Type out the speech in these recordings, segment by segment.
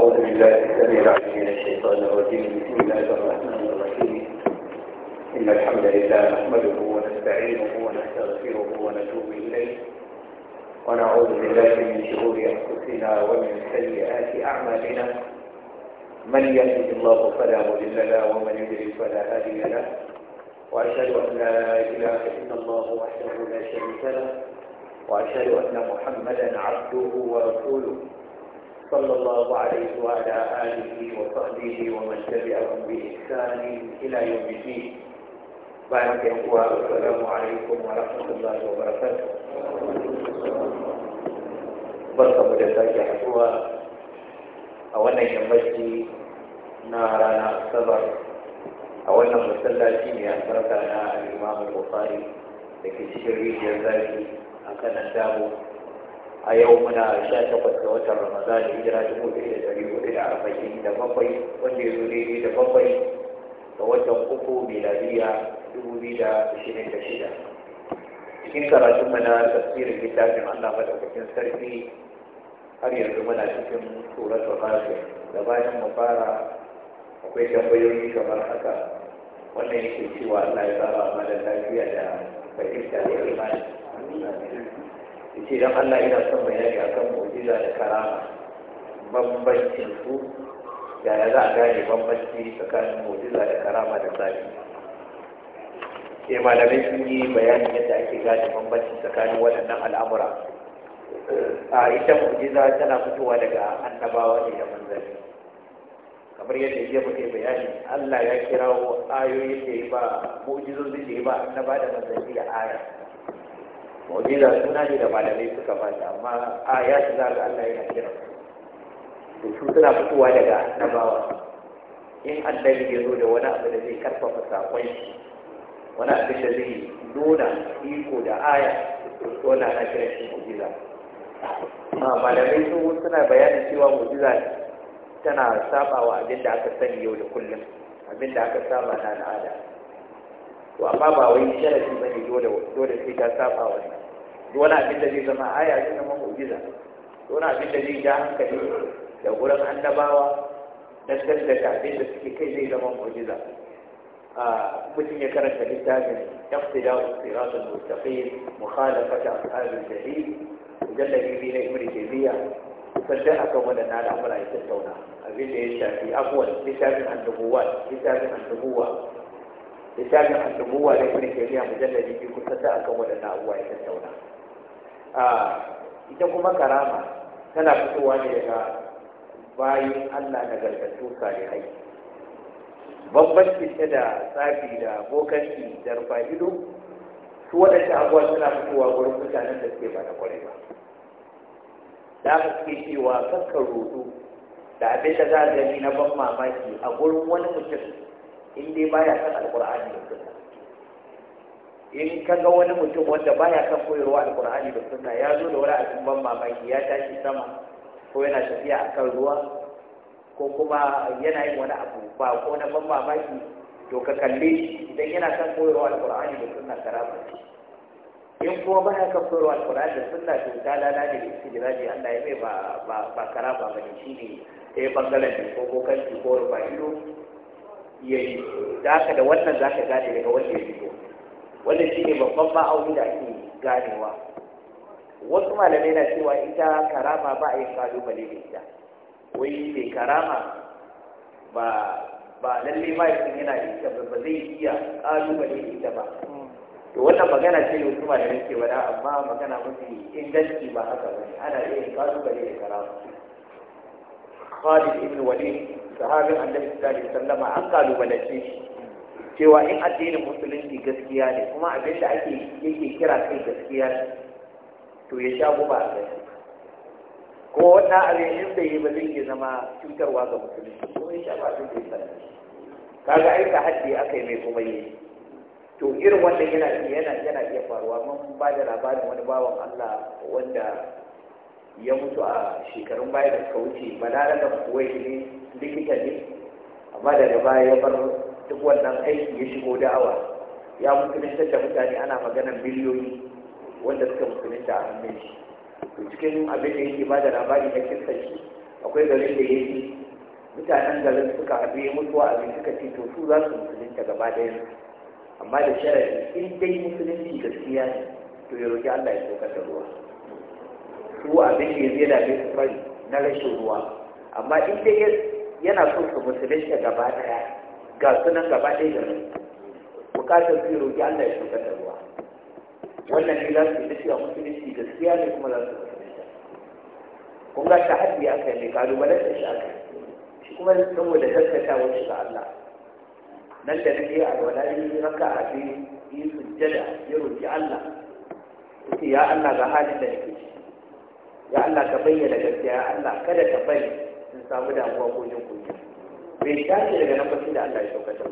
أعوذ بالله السميع العليم من الشيطان الرجيم بسم الله الرحمن الرحيم إن الحمد لله نحمده ونستعينه ونستغفره ونتوب إليه ونعوذ بالله من شرور أنفسنا ومن سيئات أعمالنا من يهد الله فلا مضل له ومن يضلل فلا هادي له وأشهد أن لا إله إلا الله وحده لا شريك له وأشهد أن محمدا عبده ورسوله صلى الله عليه وعلى آله وصحبه ومن تبعهم بإحسان إلى يوم الدين بعد أن السلام عليكم ورحمة الله وبركاته بركه بركم جزاك حقوة أولا يمجي نارنا صبر أولا مسلاتين يأثرتنا الإمام البخاري لكن لكي شريك يزاكي أكنا دابو a yau muna sha takwas ga watan ramadan da hijira dubu ɗaya da ɗari hudu da arba'in da bakwai wanda ya zo daidai da bakwai ga watan uku miladiya dubu biyu da ashirin da shida cikin karatun mana tafsirin littafin allah madaukakin sarki har yanzu muna cikin suratul fatir da bayan mu fara akwai tambayoyi kamar haka wannan yake cewa Allah ya tsara mana lafiya da fahimta da imani ce don Allah yana son bayani a kan mu'jiza da karama bambancin su yaya za a gane bambanci tsakanin mu'jiza da karama da zafi sai malamai sun yi bayanin yadda ake gane bambanci tsakanin waɗannan al'amura a ita mu'jiza tana fitowa daga annabawa ne da manzanni kamar yadda ya muke bayani Allah ya kirawo ayoyin da ya ba mu'jizozin da ya ba annaba da manzanni da aya mu'jiza suna ne da malamai suka faɗi amma a ya shi za ga Allah yana kira to su suna fitowa daga nabawa in annabi ya zo da wani abu da zai karfafa sakon shi wani abu da zai nuna iko da aya to wani ana kira shi mu'jiza malamai su suna bayanin cewa mu'jiza tana sabawa abin da aka sani yau da kullum abin da aka saba na al'ada to amma ba wai sharafi bane dole dole sai ta saba wannan ولا عبد الذي سمع آيات إنما مؤجزة ولا عبد الذي جاء كثير يقول لك أن باوا نسكت لك عبد الذي كي زي زمان مؤجزة متن يكرت الكتاب يقتل الصراط المستقيم مخالفة أهل الجليل وجل في بها إمر جيبية فالدهك ولنا الأمر أي تستونا أقول لي الشافي أول لسابع النبوات النبوة لسابع النبوة لإمر جيبية مجلد يجيكم فالدهك ولنا الأمر أي تستونا ita kuma karama tana fitowa ne daga bayan Allah na gargatu salihai bambanci ta da tsafi da bokanci da rufa'ido su waɗanda abuwa suna fitowa wurin mutanen da suke ba na kwarai ba da aka suke cewa kakkan rodo da abin da za a gani na ban mamaki a gurin wani mutum in dai baya kan alƙur'ani da sunna in ka ga wani mutum wanda baya kan koyarwa alkur'ani da sunna ya zo da wani abin ban mamaki ya tashi sama ko yana tafiya a kan ruwa ko kuma yana yin wani abu ba ko na ban mamaki to ka kalle shi idan yana kan koyarwa alkur'ani da sunna karama in kuma baya kan koyarwa alkur'ani da sunna to ta lalace da da istijiraji Allah ya mai ba ba ba karama shi ne ɗaya bangaren ne ko kokanci ko ruba'ido yayi da haka da wannan zaka gane daga wanda ya fito wannan shi ne babban ma'auni da ake ganewa wasu malamai na cewa ita karama ba a yi kalubale da ita wai mai karama ba ba lalle ba yakin yana da ita ba zai iya kalubale da ita ba to wannan magana ce wasu malamai ke wada amma magana mafi inganci ba haka ba ne ana iya kalubale da karama Khalid ibn Walid sahabin Annabi sallallahu alaihi wasallam an kalubalance shi cewa in addinin musulunci gaskiya ne kuma abin da ake yake kira kai gaskiya ne to ya sha guba a gaske. kuma wannan abin in bai yi ba zai iya zama cutarwa ga musulunci ko ya sha ba abin da ya sanar kaga aika haddi aka yi mai kuma yi to irin wanda yana yana yana iya faruwa mun ba da labarin wani bawan Allah wanda ya mutu a shekarun baya da suka wuce ba da kuwai ne likita ne amma daga baya ya bar duk wannan aiki ya shigo da'awa ya musulunta da mutane ana maganan biliyoyi wanda suka musulunta a hannun shi to cikin abin da yake bada labari na kirkar shi akwai garin da yake mutanen garin suka abe mutuwa abin suka ce to su za su musulunta gaba ɗaya amma da sharadi in dai musulunci gaskiya ne to ya roƙi Allah ya saukar da ruwa su abin da ya zai dame su fari na rashin ruwa amma in dai yana so su musulunta gaba ɗaya ga sunan gaba ɗaya da bukatar su roƙi Allah ya shuka da ruwa wannan ne za su yi tafiya musulunci gaskiya ne kuma za su musulunta kun ga ta haddi aka yi kalubalen da shi aka shi kuma saboda gaskatawa shi ga Allah nan da nake a wala yi raka a biyu yi sujjada ya roƙi Allah yake ya Allah ga halin da nake ciki ya Allah ka bayyana gaskiya ya Allah kada ka bayyana in samu damuwa ko yin kunya bai tashi daga nan bacin da Allah ya saukata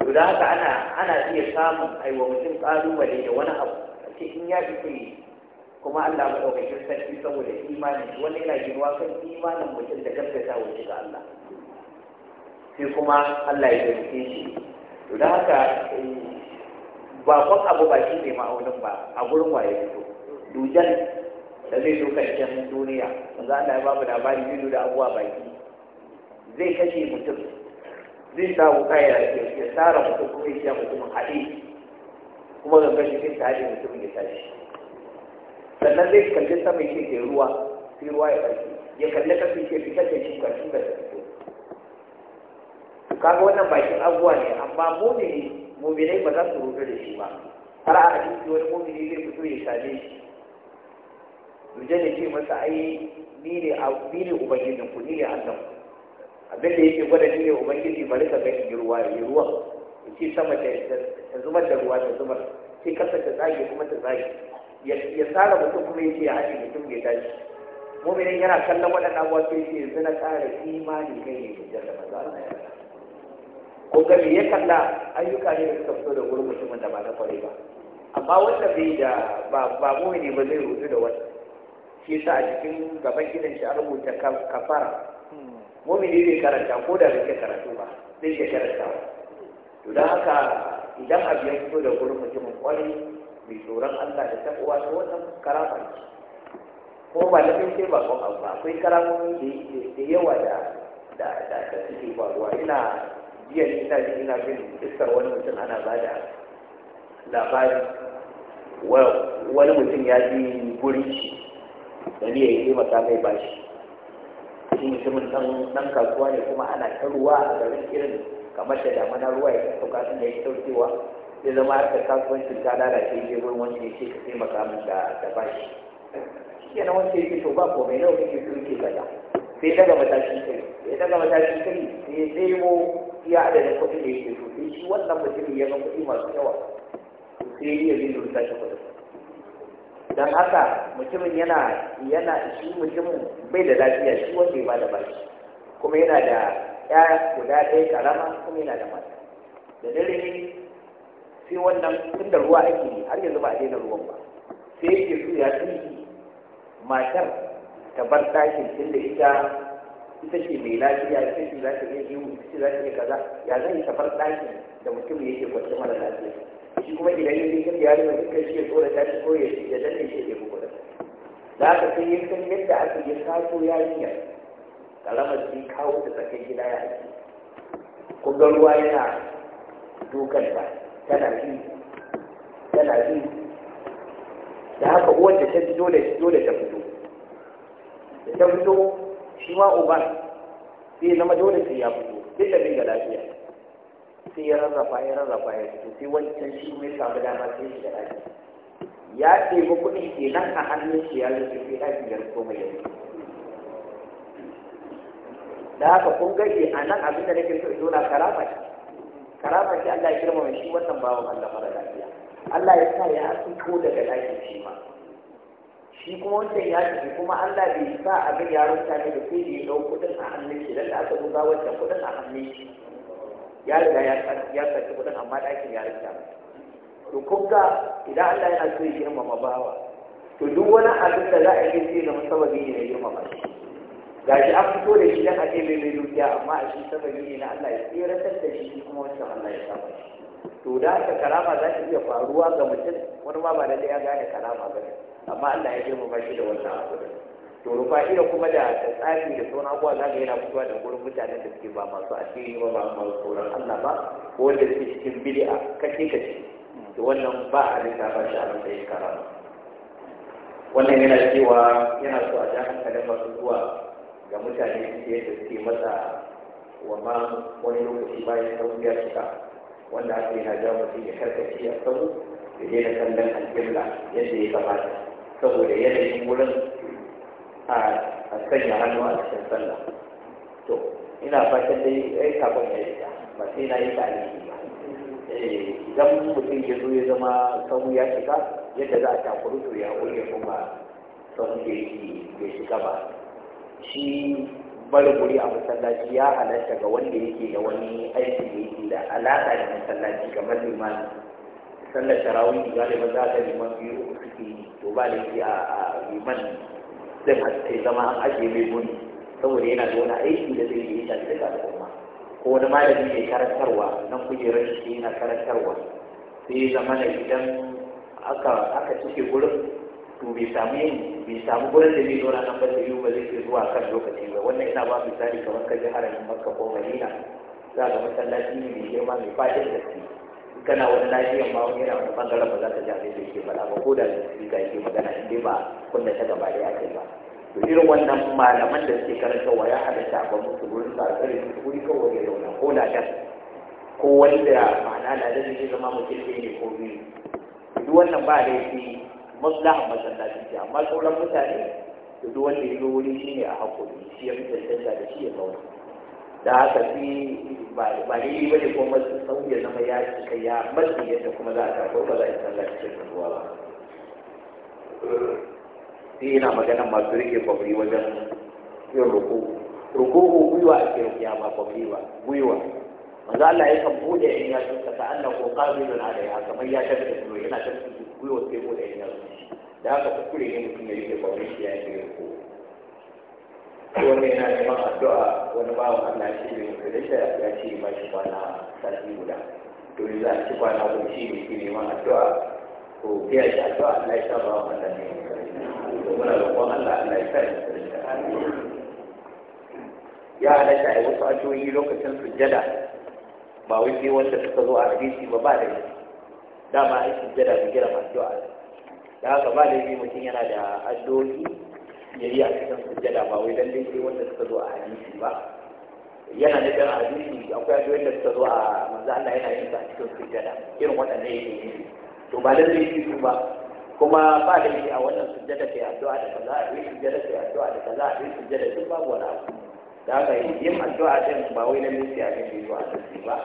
to da haka ana ana iya samun aiwa mutum ƙalubale da wani abu ce in ya fi kuri kuma Allah maɗaukakin sarki saboda imanin wani yana girwa kan imanin mutum da gaskata wa shiga Allah sai kuma Allah ya zarge shi to da haka eh, kwan abu ba shi ne ma'aunin ba a gurin waye fito dujan da zai zo karshen duniya manzo Allah ya babu labari zai da abuwa baki zai kashe mutum zai sa wuka ya tsara mutum kuma ya sha mutumin haɗe kuma ga kashe kai ta haɗe mutum ya tashi sannan zai kalli sama ke ke ruwa sai ruwa ya ɓarke ya kalli ƙasa ke fitar da shuka shuka da fito kaga wannan bakin abubuwa ne amma mumini muminai ba za su rubuta da shi ba har a hadisi wani mumini zai fito ya same shi Duje da ce masa ai ni ne ubangijinku ni ne Allah abin da yake gwada shine ubangiji bari ka gani ruwa yi ruwa ce sama ta zubar da ruwa ta zubar sai kasa ta tsage kuma ta tsage ya tsara mutum kuma yake ya haɗe mutum ya tashi Mummunan yana kallon waɗannan abuwa sai ce yanzu na ƙara imani kai ne da jarra maza Allah ko gami me ya kalla ayyuka ne da suka fito da gurin mutumin da ba na kwarai ba amma wanda bai da ba ba mumini ba zai rutu da wani. shi sa a cikin gaban gidan shi a rubuta kafara mumini zai karanta ko da bai karatu ba zai ke karantawa to don haka idan abu ya fito da gurin mutumin kwari mai tsoron Allah da taɓuwa ta wannan karama ko ba da sai ba ko abu akwai karamomi da yawa da da da da suke faruwa ina jiya ina ina bin iskar wani mutum ana ba da labari wani mutum ya ji guri shi da ne ya yi masa mai bashi shi mutumin nan kasuwa ne kuma ana ta ruwa a garin irin kamar da damana ruwa ya sauka sun da ya saukewa zai zama haka kasuwancin ta lalace ya wurin wanda ya ce ka taimaka min da da bashi shi ke na wanda ya ce to ba mai nawa kake sun ke kaza sai daga matashin kai sai daga matashin kai sai ya nemo iya adadin kuɗin da yake so sai shi wannan mutumin ya ga kuɗi masu yawa sai ya yi ya bin da shi kuɗi don haka mutumin yana yana shi mutumin bai da lafiya shi wanda ya bada bashi kuma yana da ya guda ɗaya karama kuma yana da mata da dare sai wannan tun da ruwa ake ne har yanzu ba a daina ruwan ba sai yake so ya tsinki matar ta bar ɗakin tun da ita ita ce mai lafiya ita ce za ta iya yiwu ita ce za ta iya kaza ya zai ta bar ɗakin da mutum yake kwance mara lafiya shi kuma idan ya yi ya rima duka shi ya tsora tashi ko ya da danne shi ya kuma da za haka sai yin san yadda aka yi kaso yarinya kalamar sun kawo da tsakin gida ya ake kuma ruwa yana dukan ta tana ji tana ji da haka uwar da ta ji dole dole ta fito da ta fito shi ma uban sai zama dole sai ya fito duk da bin ga lafiya sai ya rarrafa ya rarrafa ya fito sai wancan shi mai samu dama sai shi da ɗaki ya ɗebi kuɗin kenan a hannun shi ya zai fi ɗaki ya rufo mai yanzu da haka kun gaje a nan abin da nake so in nuna karama ce karama ce Allah ya girmama shi wannan bawan Allah mara lafiya Allah ya sa ya fito daga ɗakin shi ma shi kuma wancan ya tafi kuma Allah bai sa abin ya rubuta ne da sai da ya ɗau kuɗin a hannun shi da aka buga wancan kuɗin a hannun shi ya riga ya saki kudin amma ɗakin ya rinta to ga idan Allah yana so ya girmama bawa to duk wani abin da za a yi sai zama sababi ne na girmama shi gashi an fito da shi dan a ɗebe mai dukiya amma a shi sababi ne na Allah ya tseratar da shi kuma wancan Allah ya saba to da haka karama za ta iya faruwa ga mutum wani ma ba da ya gane karama ba amma Allah ya girmama shi da wannan abu to rufa'ila kuma da tsari da sauran abuwa za yana fitowa da gurin mutanen da suke ba masu asiri ba ba masu tsoron Allah ba ko wanda suke cikin bid'a kace kace to wannan ba a rika ba shi a matsayin karama wannan yana cewa yana so a ja hankalin masu zuwa ga mutane da suke masa wa ma wani lokaci bayan sauriya suka wanda aka yi hajjawa mutum ya karkace a sabu da daina kallon alƙibla yadda ya kamata saboda yanayin wurin a sanya hannu a cikin sallah to ina fatan dai ai kafin ya yi ba sai na yi ta ba eh, idan mutum ya zo ya zama sahu ya shiga yadda za a takuru to ya ya kuma sahu yi ya shiga ba shi barguri a masallaci ya halatta ga wanda yake da wani aiki da yake da alaƙa da masallaci kamar limani sallar tarawih galiba za ta neman biyu uku suke to ba laifi a liman zai haske zama an ajiye mai guni saboda yana da wani aiki da zai yi ta daga al'umma ko wani malami mai karantarwa nan kujerar shi yana karantarwa sai ya zama da idan aka aka cike gurin to bai samu yin bai samu gurin da zai zo nan ba yi ba zai ke zuwa kan lokaci ba wannan ina ba misali kamar ka harin makka ko madina za ga masallaci ne mai girma mai fadin gaske kana wani lafiyan ma wani yana wani bangaren ba za ta jami abin da yake ba ko da ga yake magana in dai ba da ta gaba da ake ba to irin wannan malaman da suke karanta wa ya hada ta ba musu gurin sa kare su guri kawai ya na ko da dan ko wanda ma'ana na da zai zama mutum ɗaya ne ko biyu duk wannan ba laifi maslahan masallaci ce amma sauran mutane duk wanda ya zo wuri shine a hakuri shi ya fi tantanta da shi ya zauna da haka fi ba ne ba ne kuma sauya zama ya ka ya masu yadda kuma za a tafi ba za a yi sallah cikin ruwa ba sai yana maganan masu rike kwafi wajen yin ruku ruku gwiwa ake rukiya ba kwafi ba gwiwa manzo Allah ya kan bude in ya tuka ta Allah ko da ya kamar ya tabbata gwiwa yana tabbata gwiwa sai bude in ya da haka kuskure ne mutum ya yi kwafi ya yi ruku wani yana neman addu'a wani bawan Allah shi ne mutu da shi ya ce ma shi kwana sati guda to za a ci kwana ko shi ne ke neman addu'a ko biya shi addu'a Allah ya sa bawan Allah ne mutu muna roƙon Allah Allah ya sa ya mutu ya halatta a wasu addu'o'i lokacin sujjada ba wai sai wanda suka zo a hadisi ba ba da dama ai sujjada mu girma addu'a da haka ba da mutum yana da addu'o'i yayi a cikin sujjada ba wai lalle sai wanda suka zo a hadisi ba yana da dan hadisi akwai ayoyin da suka zo a manzo Allah yana yin ta a cikin sujjada irin waɗannan yake yi to ba lalle sai su ba kuma ba da yake a wannan sujjada kai addu'a da kaza a yi sujjada kai addu'a da kaza a yi sujjada duk babu wani abu da haka yin addu'a din ba wai lalle sai a yi zuwa hadisi ba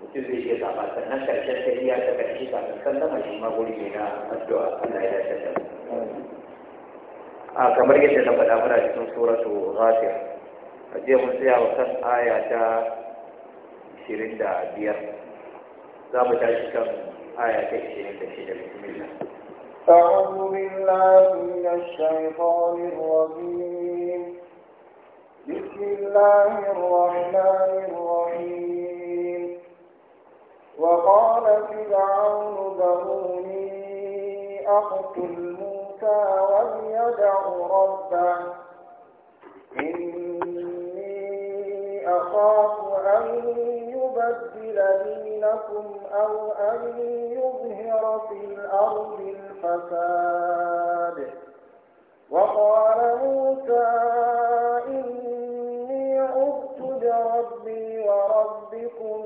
mutum zai iya zaɓa sannan karshen sai ya ta karshe kafin sallama shi ma guri na addu'a Allah ya dace da mu a kamar yadda na faɗa mana cikin suratu ghafir a jiya mun tsaya wa kan aya ta ishirin da biyar za mu tashi kan aya ta ishirin da shida bismillah أعوذ بالله من الشيطان الرجيم بسم الله الرحمن الرحيم وقال فرعون ذروني أقتل موسى موسى وليدع ربه إني أخاف أن يبدل دينكم أو أن يظهر في الأرض الفساد وقال موسى إني عبت بربي وربكم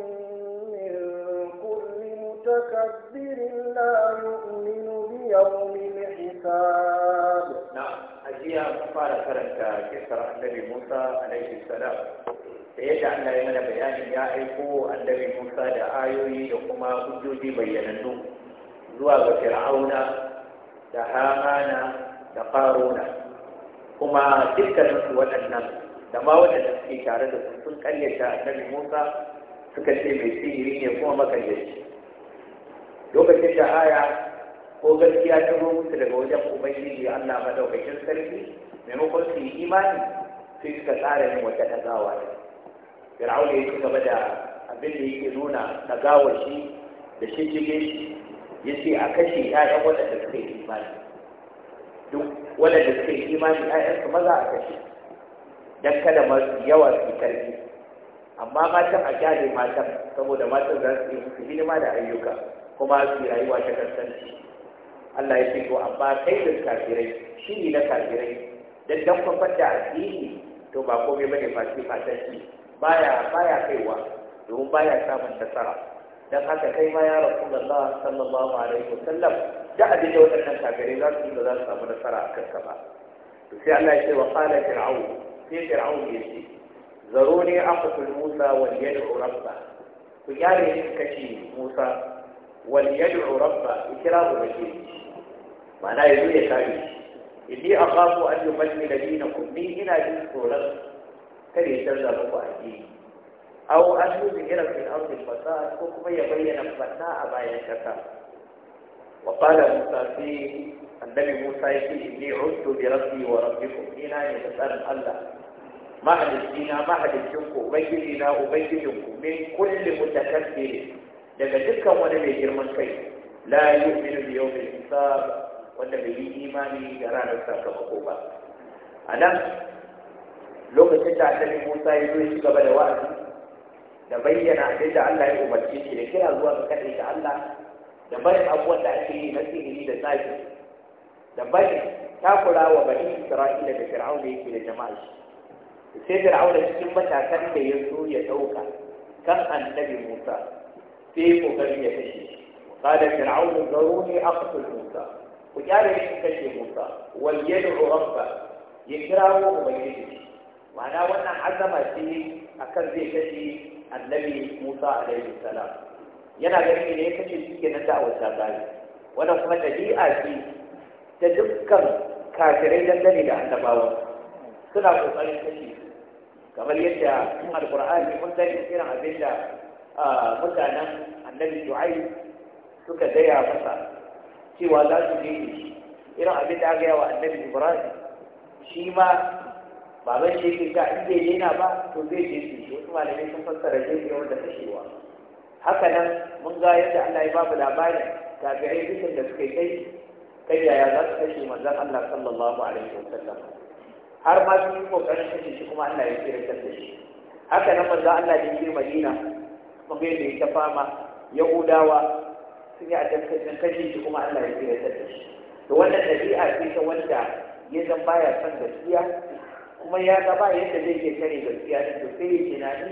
مدبر لا يؤمن بيوم الحساب نعم أجيها مفارة فرنسا كسر النبي موسى عليه السلام سيدع أن يمنى بيان يعرفوا النبي موسى لآيوي لكما حجوجي بيننه زوا وفرعون da hamana كما تلك النسوة dukkaninsu waɗannan da ma waɗanda suke tare da su sun karyata annabi musa suka ce mai sihiri ne kuma makaryaci lokacin da aya ko gaskiya ta zo musu daga wajen ubangiji Allah madaukakin sarki maimakon su yi imani sai suka tsara yin wata ɗagawa ne fir'auna ya ci gaba da abin da yake nuna ɗagawar shi da shishige shi ya ce a kashe ƴaƴan waɗanda suka yi imani duk waɗanda suka yi imani ƴaƴansu maza a kashe don kada masu yawa su karfi amma matan a gyare matan saboda matan za su yi musu hidima da ayyuka kuma su rayuwa ta kasance Allah ya ce to amma kai da kafirai shi ne na kafirai dan dan kwafar da addini to ba komai bane face fatanci baya baya kaiwa domin baya samun nasara dan haka kai ma ya rasulullah sallallahu alaihi wasallam da abin da waɗannan kafirai za su yi ba za su samu nasara a kanka ba to sai Allah ya ce wa qala fir'aun sai fir'aun ya ce zaruni aqtul musa wal yad'u rabbah ku yare kace musa وليدعو ربه إكرام مجيد معناه يقول يا إني أخاف أن يمجل دينكم بي هنا جنسه لك كان يتبدأ لكم الدين أو أن يظهر في الأرض الفساد وكما يبين الفناء ما ينكسر وقال موسى في النبي موسى يقول إني عدت بربي وربكم هنا يتسأل الله ما حدث دينا ما حدث جنكم أبيدنا من كل متكبر daga dukkan wani mai girman kai la yu'minu bi yawmil hisab wanda bai yi imani da ranar sakamako ba a nan lokacin da annabi Musa ya zo shi gaba da wa'azi da bayyana abin da Allah ya umarce shi da kira zuwa ga kadai da Allah da barin abubuwan da ake yi na sihiri da tsafi da barin takura wa bani Isra'ila da Fir'auna yake da jama'a shi sai Fir'auna cikin matakan da ya zo ya dauka kan annabi Musa sai kokarin ya kashe shi قال فرعون ذروني اقتل موسى وقال لي كشف موسى وليدعو ربه يكرهه وبيده ma'ana wannan azama ce akan zai kashe annabi Musa alaihi salam yana ganin ne ya kashe shi kenan da awata gari wannan kuma dabi'a ce ta dukkan kafirai dangane da annabawa suna kokarin kashe kamar yadda cikin alqur'ani mun mutanen annabi shu'aib suka gaya masa cewa za su je shi irin abin da aka yawa annabi ibrahim shi ma baban shi yake ta in bai yana ba to zai je shi wasu malamai sun fassara jirgin wanda kashewa haka nan mun ga yadda Allah ya babu labarin kafirai dukkan da suka kai kai yaya za su kashe manzon Allah sallallahu alaihi wa wasallam har ma su yi kokarin kashe shi kuma Allah ya kira kan shi haka nan manzon Allah ya je Madina muka yi da ita fama yahudawa sun yi a dankan kashe shi kuma allah ya tsira da shi to wannan ɗabi'a ce ta wanda ya zan baya son gaskiya kuma ya ga ba yadda zai iya kare gaskiya da to sai ya tunani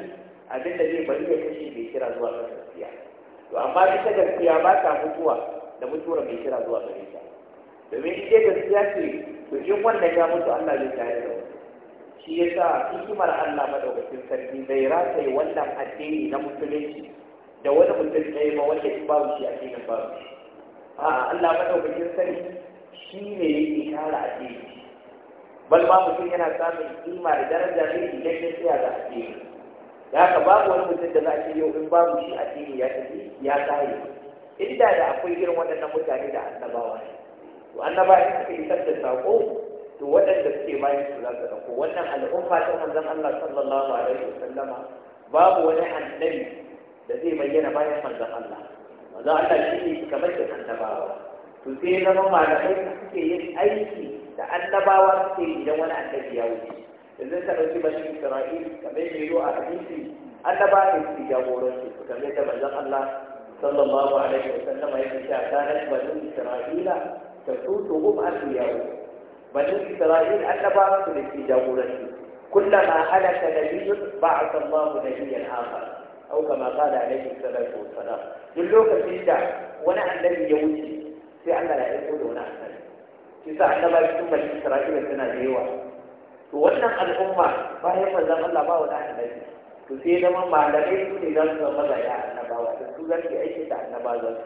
abin da zai bari ya kashe bai kira zuwa ga gaskiya to amma ita gaskiya ba ta mutuwa da mutuwar mai kira zuwa gare ta domin in dai gaskiya ce to in wanda ya mutu allah zai tare da wani shi ya sa hikimar Allah madaukakin sarki bai yi wannan addini na musulunci da wani mutum ɗaya ba wanda ya babu shi addinin babu a'a Allah madaukakin sarki shi ne ya yi kara addini bal ma mutum yana samun hikima da daraja ne idan ya tsaya da addini da haka babu wani mutum da za a ce yau in babu shi addini ya tafi ya tsaye inda da akwai irin waɗannan mutane da annabawa ne to annabawa ne suka yi da saƙo to waɗanda suke bayan su za su ɗauko wannan al'umma ta manzon Allah sallallahu alaihi wa Sallama babu wani annabi da zai bayyana bayan manzon Allah manzon Allah shi ne kamar da annabawa to sai zama malamai suke yin aiki da annabawa suke yi idan wani annabi ya wuce yanzu ka ɗauki bashi Isra'il kamar yadda yau a hadisi annaba ne su jagoranci su kamar yadda manzon Allah sallallahu alaihi wa Sallama ya ce ta kanar banu Isra'ila ta tutu hum asiyawu بني إسرائيل بعض في جاورته كلما هلك نبي بعث الله نبيا آخر أو كما قال عليه الصلاة والسلام دلوك الجيدة وانا الذي يوجد في أن لا يقول هنا أحسن ساعة ما يسمى الإسرائيل سنة ديوة وانا الأمة فهي مزام الله ما ولا أحسن تسيد من معلمين كل ذلك الله يا أنبا وتسوغا في أي شيء أنبا ذلك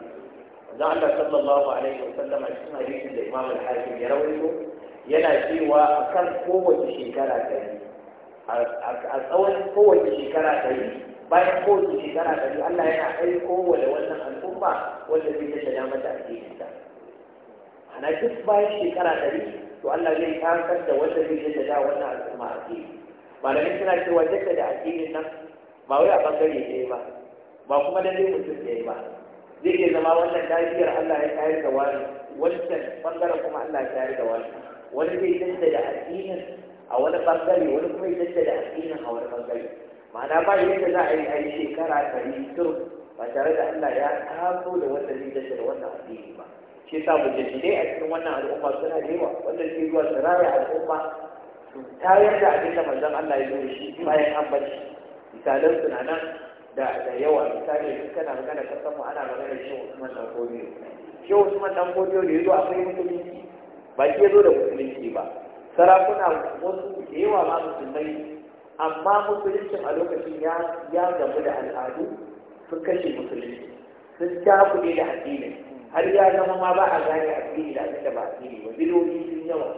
وزعل صلى الله عليه وسلم أجسم جيش الإمام الحاكم يرويه yana cewa a kan kowace shekara ɗari a tsawon kowace shekara ɗari bayan kowace shekara ɗari Allah yana kai kowace wannan al'umma wanda zai ta shiga mata a cikinta ana duk bayan shekara ɗari to Allah zai kasar da wanda zai ta shiga wannan al'umma a cikin Malamin suna cewa duka da addinin nan ba wai a bangare ɗaya ba ba kuma da zai mutum ɗaya ba zai iya zama wannan dajiyar Allah ya tayar da wani wancan bangaren kuma Allah ya tayar da wani wani zai jaddada addinin a wani bangare wani kuma ya jaddada addinin a wani bangare ma'ana ba yadda za a yi a yi shekara ɗari tur ba tare da Allah ya taso da wanda zai da wannan addini ba shi yasa mujaddidai a cikin wannan al'umma suna da yawa wanda ke zuwa su raya al'umma su tayar da abin da manzon Allah ya zo da shi bayan an bar shi misalan suna nan da yawa misali duk kana magana kasan mu ana magana shi Usman dan Kodiyo shi Usman dan Kodiyo da yazo akwai musulunci ba shi ya zo da musulunci ba sarakuna wasu da yawa ma musulmai amma musuluncin a lokacin ya gamu da al'adu sun kashe musulunci sun cakuɗe da addini har ya zama ma ba a gane addini da abin ba addini ba sun yawa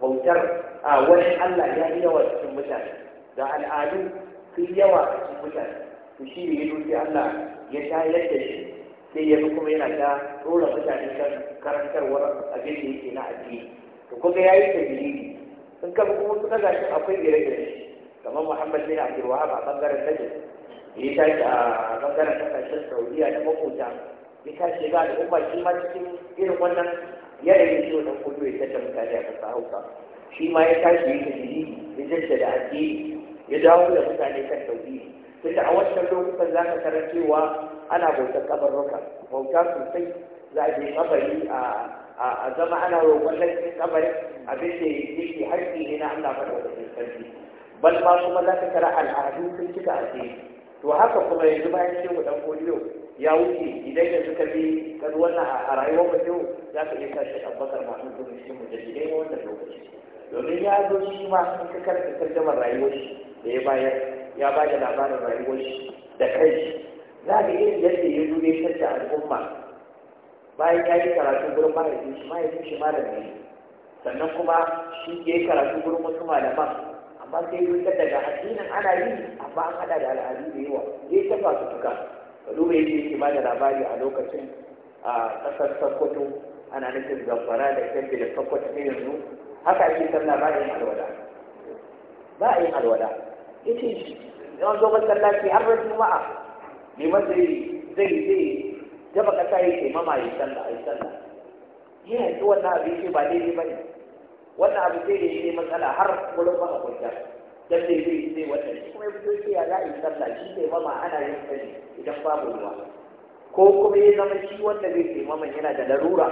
bautar a wani allah ya yi yawa cikin mutane da al'adu sun yawa cikin mutane to shi ne ya doki allah ya tayar da shi sai ya kuma yana ta dora mutane kan karantarwar abin da yake na addini to kuma ya yi tajiriri sun kafa kuma su daga akwai ire-ire kamar muhammad bin abdul wahab a bangaren tajin ya tashi a bangaren kasashen saudiya da makota ya tashi ga da umar shi ma cikin irin wannan yanayin shi wannan kudu ya tashi mutane a kasa hausa shi ma ya tashi ya tajiriri ya jaddada addini ya dawo da mutane kan tauhidi tunda a wancan lokutan za ka tarar cewa ana bautar kabarruka bauta sosai za a je kabari a zama ana roƙon lakin kabarin abin da yake haƙƙi ne na Allah madaukakin sarki bal ma kuma za ka tara al'adu sun cika a to haka kuma yanzu bayan shehu dan kodiyo ya wuce idan yanzu ka bi kan wannan a rayuwar yau za ka iya sa shi abubakar masu zuwa shi mu da idan wannan lokaci domin ya zo shi ma sun ka karanta tarjamar rayuwar shi da ya bayar ya ba da labarin rayuwar shi da kai shi za iya irin yadda ya zo ya shanta al'umma bayan ya yi karatu gurin mahaifin shi mahaifin shi malami ne sannan kuma shi ya yi karatu gurin wasu malaman amma sai yi wutar daga addinin ana yi amma an haɗa da al'adu da yawa ya yi tafa su tuka ka duba ya yake ba da labari a lokacin a ƙasar sakkwato ana nufin zamfara da kyanbe da sakkwato ne yanzu haka ake san labarin alwada ba a yin alwada yace yawan zo masallaci har ran juma'a mai matsayi zai zai jaba kasa yake mama yi a yi sallah yi yanzu wannan abu yake ba daidai ba ne wannan abu sai da yake matsala har wurin ba a kwanta dan dai zai zai wannan shi kuma ya fito yake ya za a yi sallah shi ke mama ana yin sani idan babu ruwa ko kuma ya zama shi wanda zai ce mama yana da larura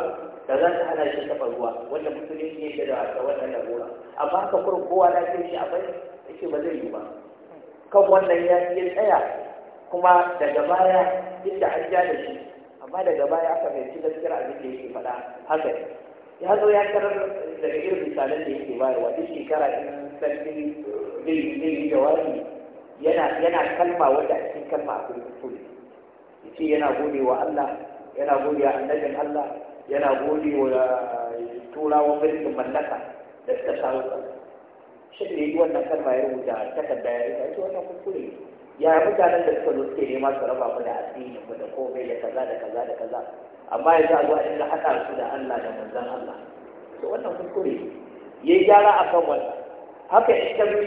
da za ta hana shi taɓa ruwa wanda musulunci yake da wannan larura amma haka kurin kowa ke shi a bai yake ba zai yi ba kan wannan ya yi tsaya kuma daga baya duk da an ja da shi amma daga baya aka fahimci gaskiyar abin da yake faɗa haka ya zo ya karar daga irin misalan da yake bayarwa duk shekara in sarki zai yi jawabi yana kalma wanda a cikin kalma akwai kuskure yace yana gode wa Allah yana gode wa annabin Allah yana gode wa eh, turawan birnin mallaka duk da sawo shi da yi wannan kalma ya rubuta takarda ya yi wannan kuskure ya mutanen da suka zo ne masu raba mu da addini mu da komai da kaza da kaza da kaza amma yanzu a zo a dinga haɗa su da Allah da manzan Allah to wannan kuskure ya yi gyara a kan wannan haka in ka bi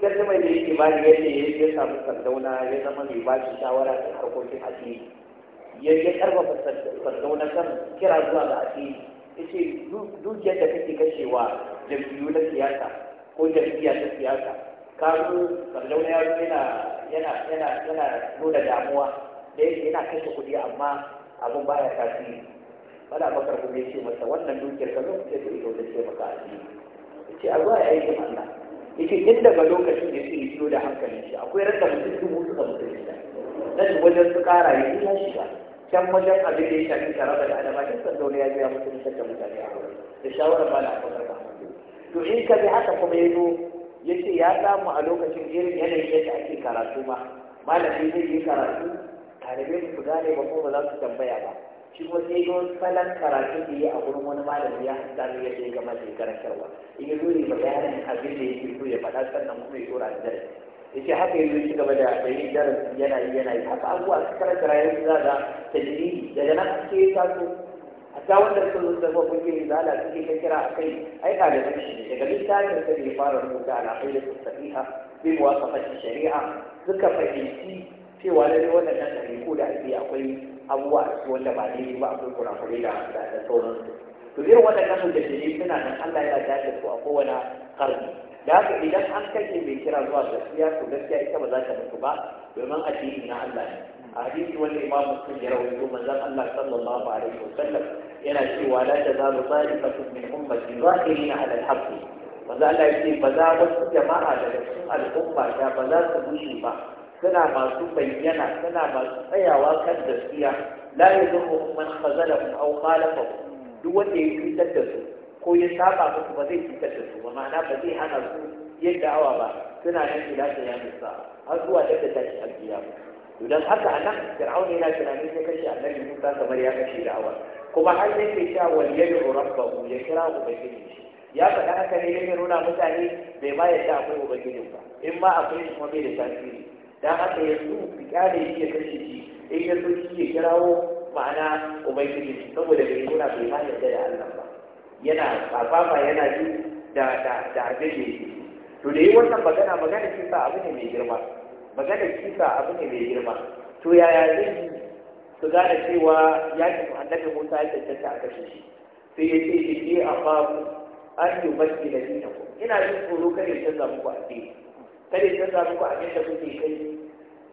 ganin mai da yake bani yadda ya ya samu sardauna ya zama mai ba shi shawara da harkokin addini ya yi karfafa sardauna kan kira zuwa ga addini ya ce dukiyar da kake kashewa jam'iyyu na siyasa ko jam'iyya ta siyasa kazo sardauna ya yana yana yana yana nuna damuwa da yake yana kashe kuɗi amma abin ya tasiri bala bakar kuma ya ce masa wannan dukiyar ka zo ku ce ku ido da ce maka Ya ce a zuwa ya yi Allah ce inda daga lokacin da yake biyo da hankalin shi akwai randa mutum mutu da mutum shi nan wajen su kara ya yi shiga can wajen abin da ya shafi tare da alama duk san wani ya biya mutum da mutane a wurin da shawarar ba bakar akwai to in ka bi haka kuma ya ya ce ya samu a lokacin irin yanayin yadda ake karatu ma malami zai yi karatu talibai su gane ba kuma za su tambaya ba shi kuma sai don salon karatu da ya a gurin wani malami ya hasa ne ya je gama da karantarwa in ya zo ba bayanin abin da ke so ya faɗa sannan kuma ya tura da dare ya ce haka yanzu shi gaba da yin darasi yana yi yana yi haka abubuwa su karanta rayuwar za ga tajiri daga nan sai ya taso hatta wanda suka zo da gobe ke da ala suke ta kira a kai ai da shi daga littafin da ya fara rubuta kai da sahiha wa wasafati shari'a suka fahimci cewa lalle wannan nan da ake akwai abuwa a cikin wanda ba daidai ba akwai kura-kure da da sauransu to irin da shi suna nan Allah ya dace ko a kowane karbi da haka idan an kake mai kira zuwa gaskiya to gaskiya ita ba za ta mutu ba domin addini na Allah ne a hadisi wanda imam muslim ya rawaito manzon Allah sallallahu alaihi wasallam yana cewa la tazalu ta'ifatun min ummati zahirina ala al-haqq manzo Allah yake ba za wasu jama'a daga cikin al'umma ta ba za su bushe ba suna masu bayyana suna masu tsayawa kan gaskiya la yadurruhum man khazalahum aw khalafahum duk wanda ya cutar da su ko ya saba musu ba zai cutar da su ba ma'ana ba zai hana su yadda awa ba suna nan ila ta yamin sa har zuwa da ta tashi ba. idan haka a nan fir'auna yana tunanin ya kashe annabi musa kamar ya kashe da awa kuma har sai ke sha wani yadda rabbahu ya kira ubangiji shi ya faɗa haka ne ya nuna mutane bai ma yadda akwai ubangijin ba in ma akwai kuma bai da tasiri dan haka yanzu kyale shi ya shi in ya so shi ya kirawo ma'ana ubangiji saboda bai nuna bai ma yadda da Allah ba yana kafafa yana ji da da da to da yi wannan magana magana ce sa abu ne mai girma maganar kisa abu ne mai girma to yaya zai yi su gane cewa ya mu annabi Musa ya cancanta a kashe shi sai ya ce ni ne amma an yi mafi da dina ku ina jin tsoro kada ya canza muku addini kada ya canza muku abin da kuke kai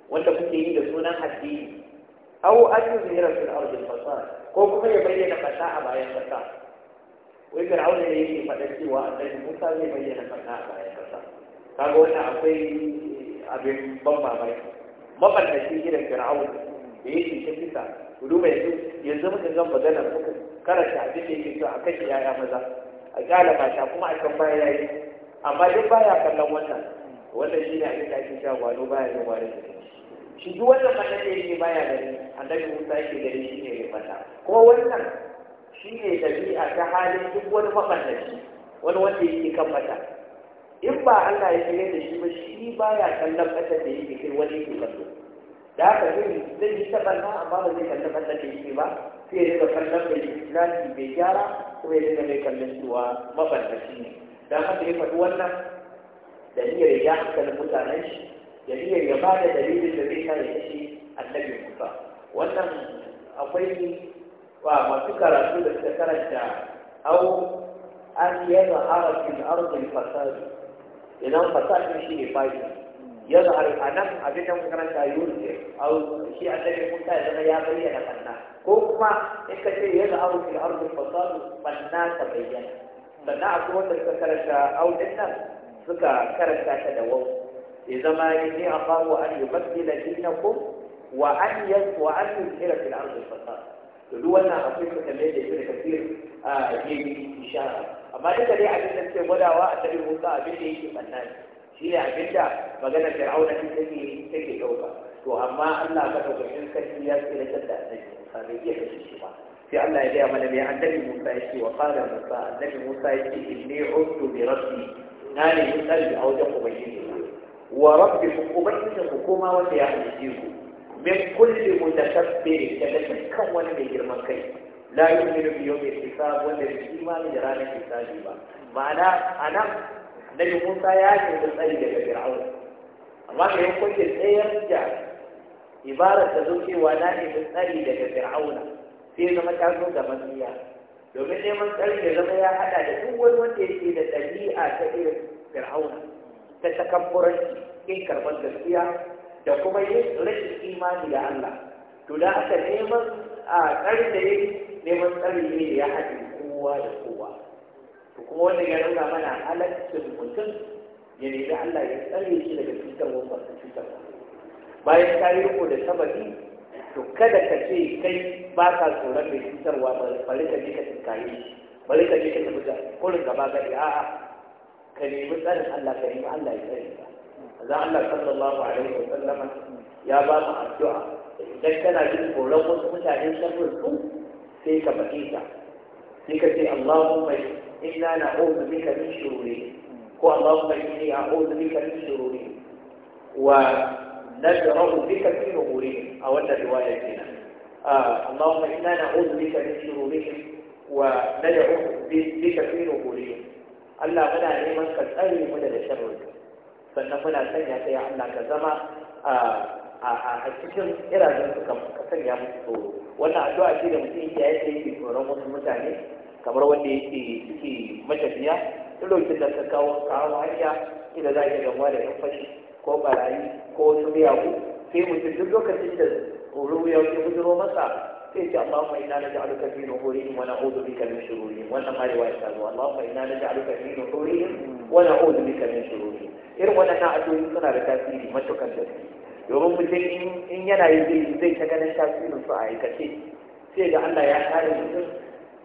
wanda kuke yi da sunan addini aw an yi zuhira fil ardi fasa ko kuma ya bayyana fasa a bayan fasa wai fir'auna ne yake faɗa cewa annabi Musa zai bayyana fasa a bayan fasa kaga wannan akwai abin ban mamaki maballacin gidan fir'aun da ya ce kisa ku duba yanzu yanzu muka zan magana muka karanta abin da yake so a kan yaya maza a kyala mata kuma a kan baya yi amma duk baya kallon wannan wannan shi ne abin da ake sha gwano baya yin da shi duk wannan mata da yake baya gani annabi musa yake gani shi ne ya fata kuma wannan shi ne ɗabi'a ta halin duk wani mafallaci wani wanda yake kan mata in ba Allah ya shirya da shi ba shi ba ya kallon ƙasar da yake kai wani ke kallo da haka zai zai yi ta ɓarna amma ba zai kallon ƙasar da yake ba sai ya daga kallon da islami bai gyara ko ya daga mai kallon cewa mabarkaci ne da haka ya faɗi wannan da niyyar ya hankalin mutanen shi da niyyar ya ba da dalilin da zai kare shi annabi kusa. wannan akwai wa masu karatu da suka karanta au an yi yana harafin arzikin fasari idan fasad shi ne fashi ya zahar a nan a cikin makaranta yurce a shi a cikin mutu ya zama ya bayyana banna ko kuma in ka ce ya zahar fil ardi fasad banna ta bayyana sannan a kuma da suka karanta audin nan suka karanta ta da wau ya zama ne a fawo an yi masjila dinakum wa an yi wa an yi kira fil ardi fasad duk wannan akwai suka mai da shi da kafir a ah, yi ishara amma duka dai abin da suke gwadawa a tsarin musa abin da yake manna shi ne abin da maganar fir'auna ta take take ɗauka to amma Allah ka ɗaukakin shi ya tsira da annabi musa bai iya kashe shi ba sai Allah ya gaya mana mai annabi musa ya ce wa qala musa annabi musa ya ce in ne udtu bi rabbi na ne mutsari a wajen ubangiji wa rabbi ubangiji ku koma wanda ya halice ku min kulli mutakabbirin daga dukkan wani mai girman kai la yu'minu biyo mai kisa wanda bai imani da ranar hisabi ba ma'ana da yi Musa ya ce da tsari daga Fir'aun amma da yi da tsayar da ibarar da zo wa na da tsari daga Fir'auna sai zama ta zo ga masiya domin neman tsari da zama ya hada da duk wani wanda yake da ɗabi'a ta irin Fir'auna ta takabburanci in karɓar gaskiya da kuma yin rashin imani da Allah to da aka neman a ƙarin da yake neman tsari ne da ya haɗe kowa da kowa to kuma wanda ya nuna mana halaccin mutum ya nemi Allah ya tsare shi daga cutar wasu cutar bayan ka yi riko da sababi to kada ka ce kai ba ka tsoron mai cutarwa bari ka je ka tunkaye shi bari ka je ka tafi da kurin gaba gari a'a ka nemi tsarin Allah ka nemi Allah ya tsare ka azan Allah sallallahu alaihi wa sallama ya ba mu addu'a idan kana jin tsoron wasu mutane sabbin su تلك بقيتا لكي اللهم إنا نعوذ بك من شروري واللهم إني أعوذ بك من شروري ونجرع بك في نموري أولا روايتنا آه، اللهم إنا نعوذ بك من شروري ونجرع بك في نموري ألا منا عيما قد من الشرور فنفنا سنة يعلنا كزما آه، a cikin irajen su kan sanya musu tsoro wannan addu'a ce da mutum ya yake yake tsoron wasu mutane kamar wanda yake suke matafiya duk lokacin da ka kawo kawo hanya inda za ka gamuwa da yan fashi ko barayi ko wasu miyagu sai mutum duk lokacin da tsoro ya wuce gudunar masa sai ce Allahumma na hori fi wani hudu bi kamin shiru ne, wannan ma riwaya ta zo Allahumma na hori fi wani hudu bi kamin shiru ne, irin wannan na'adoyi suna da tasiri matukan gaske domin mutum in yana yi zai ta ganin tasirin su a aikace sai ga Allah ya kare mutum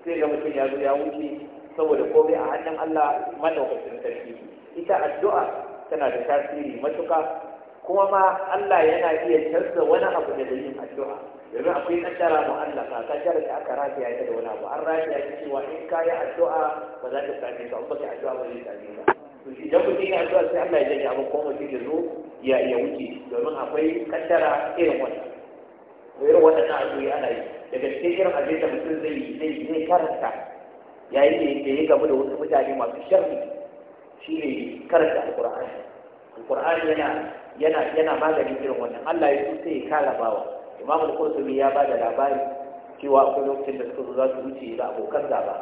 sai ga mutum ya zo ya wuce saboda komai a hannun Allah madaukakin sarki ita addu'a tana da tasiri matuka kuma ma Allah yana iya canza wani abu da yin addu'a yanzu akwai kaddara mu Allah ka jara da aka rafiya ita da wani abu an rafiya cewa in ka yi addu'a ba za ta sami ka ba ka addu'a ba zai sami ka to shi idan mutum ya zuwa sai Allah ya janye abin ko mutum ya zo ya ya wuce domin akwai kaddara irin wannan irin waɗannan addu'o'i ana yi daga cikin irin abin da mutum zai yi zai yi karanta yayin da yi gamu da wasu mutane masu sharri shi ne karanta alqur'ani alqur'ani yana yana yana maganin irin wannan Allah ya so sai ya kala bawa imamu al-qurtubi ya bada labari cewa akwai lokacin da suka zo za su wuce da abokan gaba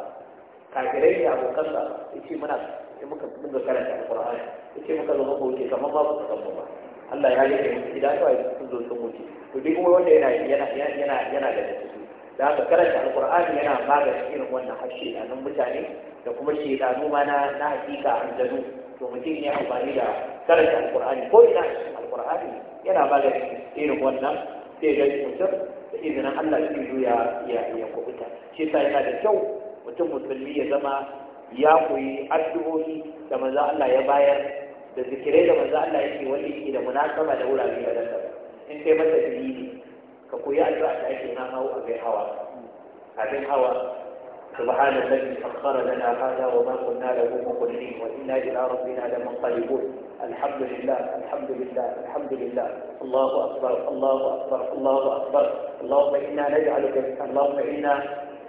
kafirai da abokan gaba yace muna sai muka dinga karanta alqur'ani yace muka zama koke kamar ba ku san ba Allah ya rike mu idan ba sun zo sun mutu to duk wanda yana yana yana yana da su da haka karanta alqur'ani yana magance irin wannan harshe da nan mutane da kuma shedanu ma na na hakika aljanu to mutum ya amfani da karanta alqur'ani ko ina cikin yana magance irin wannan sai ga mutum da izinin Allah shi ya ya kubuta shi yasa yana da kyau mutum musulmi ya zama ya koyi addu'o'i da manzo Allah ya bayar da zikirai da manzo Allah yake wani yake da munasaba da wurare da daban in kai masa dalili ka koyi addu'a da ake na hawa abin hawa abin hawa سبحان الذي سخر لنا هذا وما كنا له مقرنين وانا الى ربنا لمنقلبون الحمد لله الحمد لله الحمد لله الله اكبر الله اكبر الله اكبر اللهم انا نجعلك اللهم انا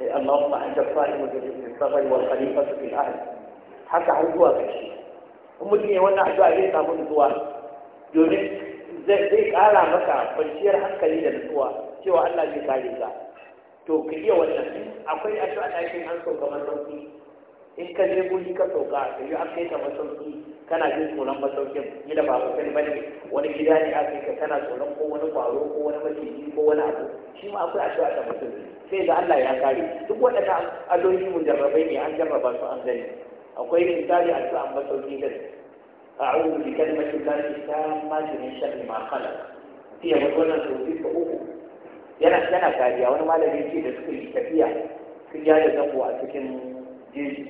اللهم أنت الصائم في الصغر والخليفة في الأهل haka har zuwa ƙarshe in mutum ya wannan addu'a zai samu nutsuwa domin zai ƙara maka kwanciyar hankali da nutsuwa cewa Allah zai kare ka to ka iya wannan akwai addu'a da ake an sauka masauki in ka je guri ka sauka ka yi an kai ka masauki kana jin tsoron masaukin gida ba babu ba ne wani gida ne a ka kana tsoron ko wani kwaro ko wani maciji ko wani abu shi ma akwai addu'a ta mutum sai da Allah ya kare duk waɗannan addu'o'i mun jarrabai ne an jarraba su an gani akwai misali addu'a masauki din أعوذ بكلمة الله التامة من شر ما خلق هي مثلا ko uku. yana yana kariya wani malami yake da suka yi tafiya sun yada zango a cikin jeji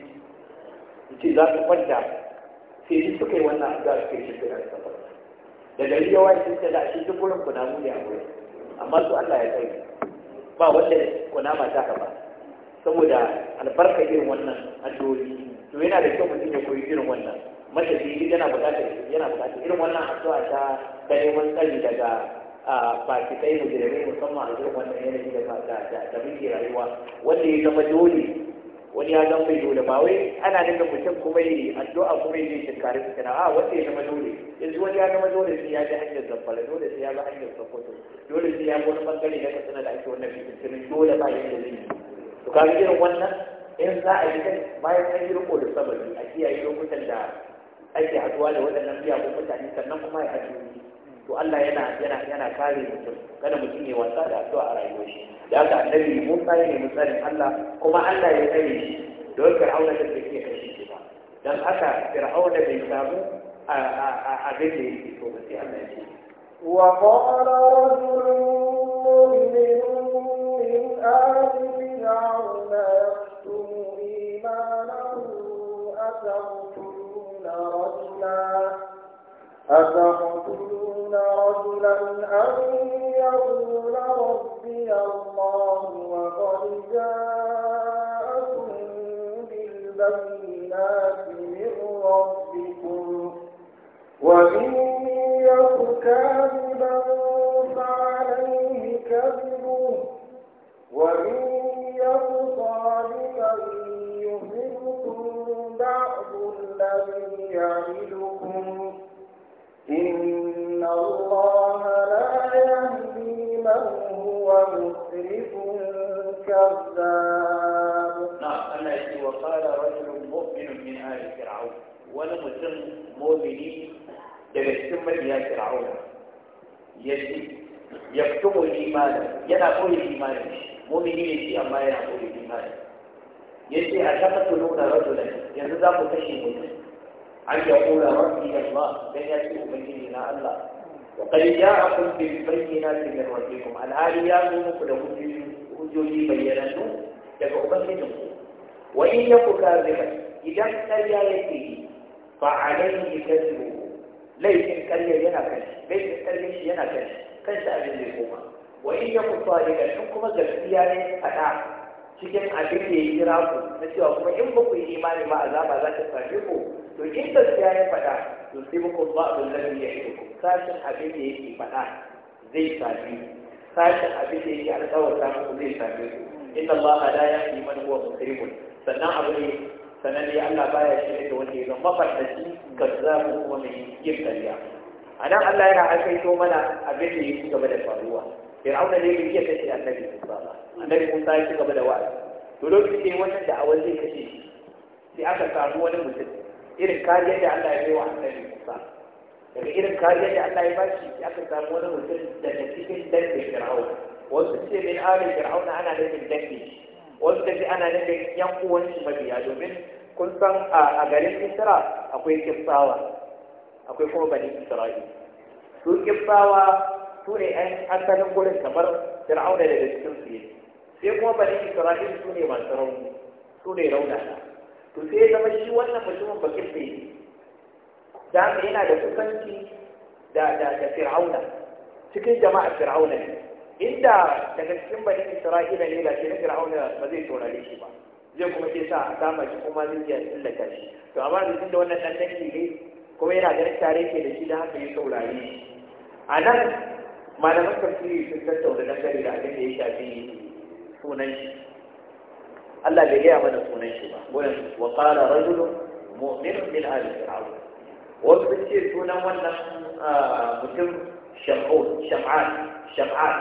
ce za su kwanta sai shi suka yi wannan addu'a suka yi shekara da safar da gari yawa sun ta da shi duk wurin kunamu ne a wurin amma su Allah ya tsaye ba wanda kuna ma ta gaba saboda albarka irin wannan addu'o'i to yana da kyau mutum ya koyi irin wannan matafiyi yana buƙatar yana buƙatar irin wannan addu'a ta ta neman tsari daga a mu jirage musamman a irin wannan yanayi da da da rayuwa wanda ya zama dole wani ya zama mai dole ba wai ana daga mutum kuma yi addu'a kuma yi shekari su kana a wata ya zama dole yanzu wani ya zama dole sai ya ji hanyar zamfara dole sai ya ga hanyar sokoto dole sai ya ga wani bangare na kasana da ake wannan fitintunin dole ba yadda zai yi to kaga irin wannan in za a yi kai bayan an yi riko da sabari a kiyaye lokutan da ake haduwa da waɗannan ko mutane sannan kuma ya haɗu to Allah yana yana yana kare mutum kada mutum ya wasa da addu'a a rayuwar shi da haka annabi Musa ya nemi tsarin Allah kuma Allah ya tsare shi don Fir'auna da bai kashe shi ba dan haka Fir'auna bai samu a a a abin da sai Allah ya ce wa qala أن يقول ربي الله وقد جاءكم بالبينات من ربكم وإن يك كافرا مشرك كذاب نعم الله يقول وقال رجل مؤمن من آل فرعون ولا مسلم مؤمنين daga cikin mabiya fir'aun ya ce ya fito imani yana koyi imani mumini ne shi amma yana koyi imani ya ce a shaka tuno da rajulan yanzu za ku kashe mutum an ya kula rabbi Allah dan ya ce ubangiji na Allah وقد جاءكم بالبينات من ربكم الآن يأتون da hujjoji bayyanannu daga ubangijinku wa in yaku kadhiba idan ƙarya yake yi fa alayhi kadhibu laifin ƙarya yana kan shi laifin ƙarya shi yana kan kan shi kuma gaskiya ne faɗa cikin abin da ya kira ku na cewa kuma in ba ku yi imani ma azaba za ta same ku to in gaskiya ya faɗa yusibukum ba'du alladhi ya'idukum sashin abin da yake faɗa zai sami sashin abin da yake alƙawarta muku zai sami inna allaha la yahdi man huwa musrimun sannan abu ne sannan ne Allah baya shirye da wanda ya zama mafarkaci kazzabu kuma mai yin kariya a nan Allah yana aikaito mana abin da ya ci gaba da faruwa fir'auna ne bai iya kashe annabi Musa ba annabi sa ya ci gaba da wa'azi to lokacin wannan da awal zai kashe shi sai aka samu wani mutum irin kariya da Allah ya bai wa annabi Musa daga irin kariya da Allah ya bashi ya aka samu wani mutum daga cikin dangin Fir'aun wasu ce min alin Fir'auna ana nufin dangi shi wasu da ana nufin yan uwan shi mabiya domin kun san a garin Isra akwai kibbawa akwai kuma bani Isra'il su kibbawa su ne an asalin gurin kamar da daga cikin su sai kuma bani Isra'il su ne masu rauni su ne raunana to sai zama shi wannan mutumin bakin bai da haka yana da kusanci da da fir'auna cikin jama'a fir'auna ne inda daga cikin bani isra'ila ne da na fir'auna ba zai saurare shi ba zai kuma ke sa a kama shi kuma zai iya tsallaka shi to amma da tunda wannan dan dangi ne kuma yana da tare ke da shi da haka ya saurare shi a nan malaman tafsiri sun tattauna dangane da abin da ya shafi sunan shi Allah bai gaya mana sunan shi ba wannan wa qala rajulun mu'minun min ahli fir'aun wasu sun ce sunan wannan ah, mutum shamun sham'an sham'an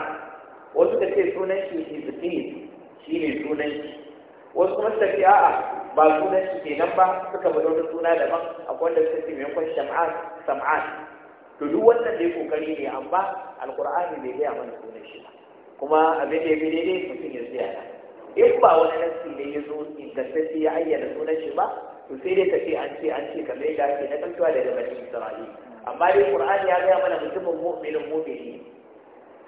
wasu ka ce sunan shi hizbi shi ne sunan shi wasu kuma suka a'a ba sunan shi ke nan ba suka bada wani suna daban akwai wanda suka ce maimakon sham'an sam'an to duk wannan dai kokari ne amma alqur'ani bai gaya mana sunan shi ba kuma abin da ya fi daidai mutum ya tsaya in ba wani nassi ne ya zo ingantacce ya ayyana sunan shi ba to sai dai ka ce an ce an ce mai da ake na kantuwa daga bani isra'ila amma dai qur'ani ya gaya mana mutumin mu'minin mu'mini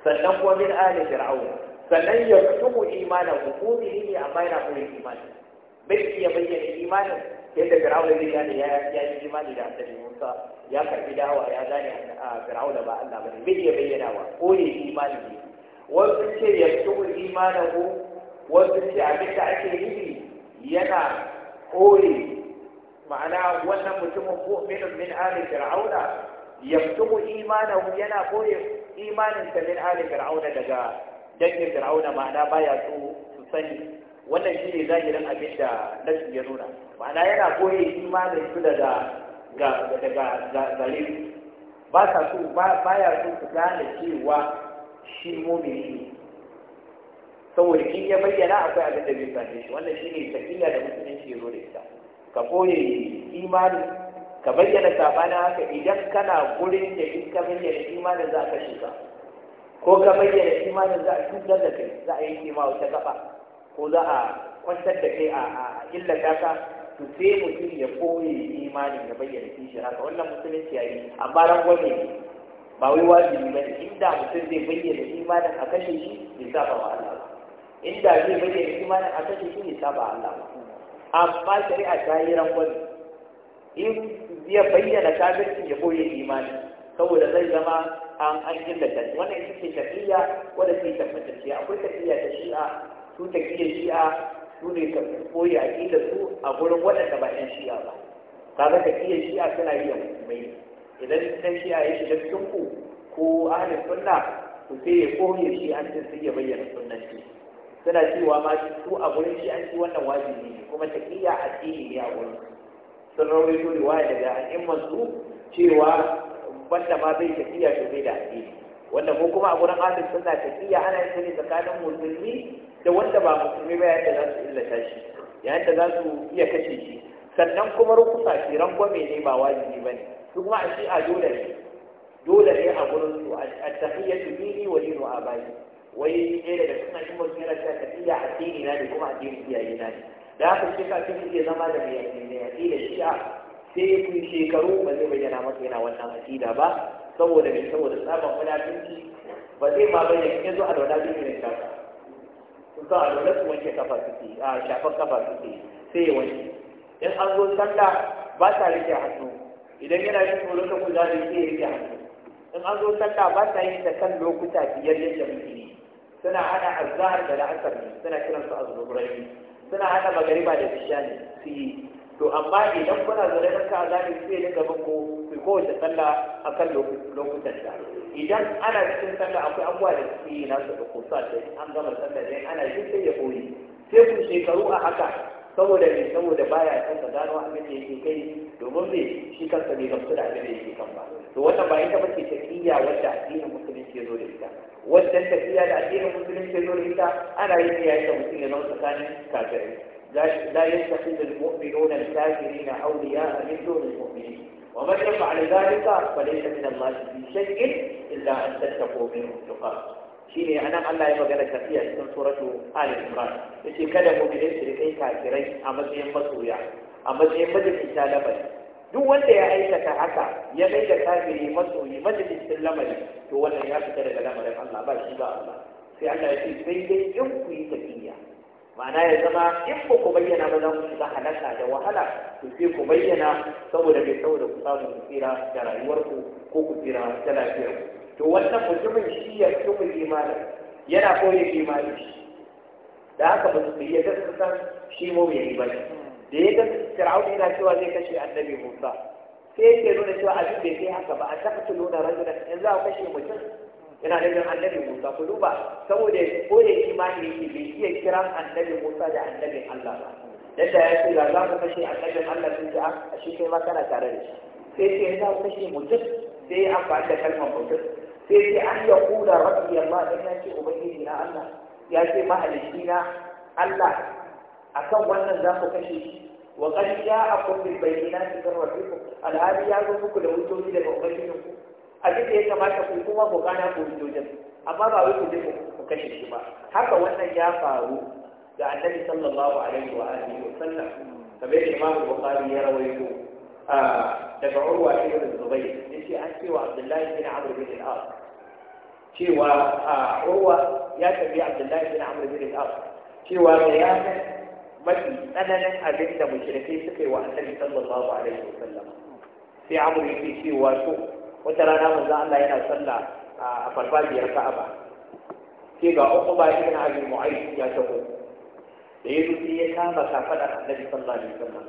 sannan kuma min ali fir'aun sannan ya kutubu imanan mu'mini ne amma yana koyin imanin bai ya bayyana imanin yadda fir'aun zai gane ya ya yi imani da annabi Musa ya karbi dawa ya gane a fir'aun ba Allah bane bai ya bayyana wa koyin imani ne wasu ce ya kutubu imanin wasu ce abin da ake yi yana koyi ma'ana wannan mutumin mu'minin min ali fir'auna yaftumu imanahu yana koyi imanin sa min ali fir'auna daga dangin fir'auna ma'ana baya so su sani wannan shine zahirin abin da nasu ya nuna ma'ana yana koyi imanin su daga daga gare su ba sa so baya so su gane cewa shi mu'mini saboda in ya bayyana akwai abin da bai same shi wannan shi ne sakila da musulunci ya zo da ita ka koye imani ka bayyana sabanin haka idan kana gurin da in ka bayyana imanin za a kashe ka ko ka bayyana imanin za a cutar da kai za a yi kima wata gaba ko za a kwantar da kai a illata ka to sai mutum ya koye imanin ya bayyana shi haka wannan musulunci ya yi amma rangwame ne ba wai wajibi ba ne inda mutum zai bayyana imanin a kashe shi bai saba wa Allah ba inda zai bayyana imanin a kashe shi ne saba Allah amma shari'a ta yi rangwani in ya bayyana kafirci ya koyi imani saboda zai zama an an ta wannan ita ce tafiya wadda ke shi, akwai tafiya ta shi'a su tafiya shi'a su ne ta koyi aƙida su a gurin waɗanda ba 'yan shi'a ba kaga shi shi'a suna yi mai idan ɗan shi'a ya shiga cikin ku ko ahalin sunna su sai ya koyi shi an sai ya bayyana sunnanci suna cewa ma shi su a gurin shi an ci wannan wajibi ne kuma a addini ne a gurin sun rawaito riwaya daga al'imman su cewa wanda ma bai taqiyya to bai da addini wanda ko kuma a gurin ahlus ta iya ana yin sani tsakanin musulmi da wanda ba musulmi ba yadda da za su illata shi yayin da za su iya kashe shi sannan kuma rukusa shi rangwame ne ba wajibi ba ne su kuma a shi a dole ne dole ne a gurin su a tafiya su dini wa dinu a bayi wai ɗaya daga cikin ajin mutum yana cewa tafiya addini na ne kuma addini iyaye na ne da haka shi ka cikin iya zama da mai addini ya da shi a sai kun shekaru ba zai bayyana masa yana wannan aƙida ba saboda mai saboda tsaban wadatunci ba zai ma bayyana ya zo a da wadatun irin shafa sun sa a dole su wanke kafa suke a shafan kafa suke sai ya wanke in an zo sallah ba ta rike hannu idan yana yin tsoron ka kula da ya rike hannu in an zo sallah ba ta yin da kan lokuta biyar yadda muke suna hada azhar da la'asar ne suna kiran su azzurai suna hada magariba da isha ne su yi to amma idan kuna zaune na ka azhari sai ne gaban ko kowace sallah akan lokutan ta idan ana cikin sallah akwai abuwa da su yi nasu da kusa da an gama sallah ne ana yi sai ya koyi sai ku shekaru a haka saboda me saboda baya san ka gano abin da yake kai domin me shi kansa bai gamsu da abin da yake kan ba to wannan ba ita bace tafiya wacce addinin musulunci ya zo da ita wannan tafiya da addinin musulunci ya zo da ita ana yin ta yayin da mutum ya zama tsakanin kafirai لا يتخذ المؤمنون الكافرين أولياء من دون المؤمنين ومن يفعل ذلك فليس من الله في شيء illa أن تتقوا منهم تقاه shine anan Allah ya magana kafiya cikin suratu Ali Imran yace kada mu bi su kai kafirai a matsayin masoya a matsayin majalisin lamari duk wanda ya aikata haka ya mai da kafiri masoyi majalisin lamari to wannan ya fita daga lamarin Allah ba shi ba Allah sai Allah ya ce sai dai in ku yi tafiya ma'ana ya zama in ba ku bayyana ba za ku shiga halaka da wahala ku sai ku bayyana saboda bai saboda ku samu tsira da rayuwarku ko ku tsira da lafiyarku to wannan mutumin shi ya fito yana koyi imanin shi da haka ba su yi gaskata shi mu yi ba da ya ga fir'aun yana cewa zai kashe annabi Musa sai yake nuna cewa abin bai kai haka ba a tabbata nuna rajulan in za a kashe mutum yana nufin annabi Musa ku duba saboda ko da imani yake bai iya kiran annabi Musa da annabin Allah ba yadda ya ce da za ku kashe annabin Allah sun ce a shi kai ma kana tare da shi sai ce za ku kashe mutum sai ya amfani da kalmar mutum sai dai an ya kula rabbi Allah dan ya ce ubangiji na Allah ya ce mahalicci na Allah akan wannan za ku kashe shi wa qad ja'akum bil bayyinati min rabbikum alhali ya zo muku da hujjoji daga ku, a da ya kamata ku kuma ku kana ku hujjojin amma ba wai ku je ku kashe shi ba haka wannan ya faru ga annabi sallallahu alaihi wa alihi wa sallam kamar yadda imamu bukhari ya rawaito ah, daga urwa ibn zubayr yace an ce wa abdullahi bin amr bin al-as cewa a urwa ya tafi abdullahi bin amr bin al cewa da ya mafi tsananin abin da mushrikai suka yi wa annabi sallallahu alaihi wasallam sai amr yake cewa to wata rana manzo Allah yana sallah a farfajiyar Ka'aba sai ga Uqba ibn Abi Mu'ayth ya taho da ya zo sai ya kama kafadar annabi sallallahu alaihi wasallam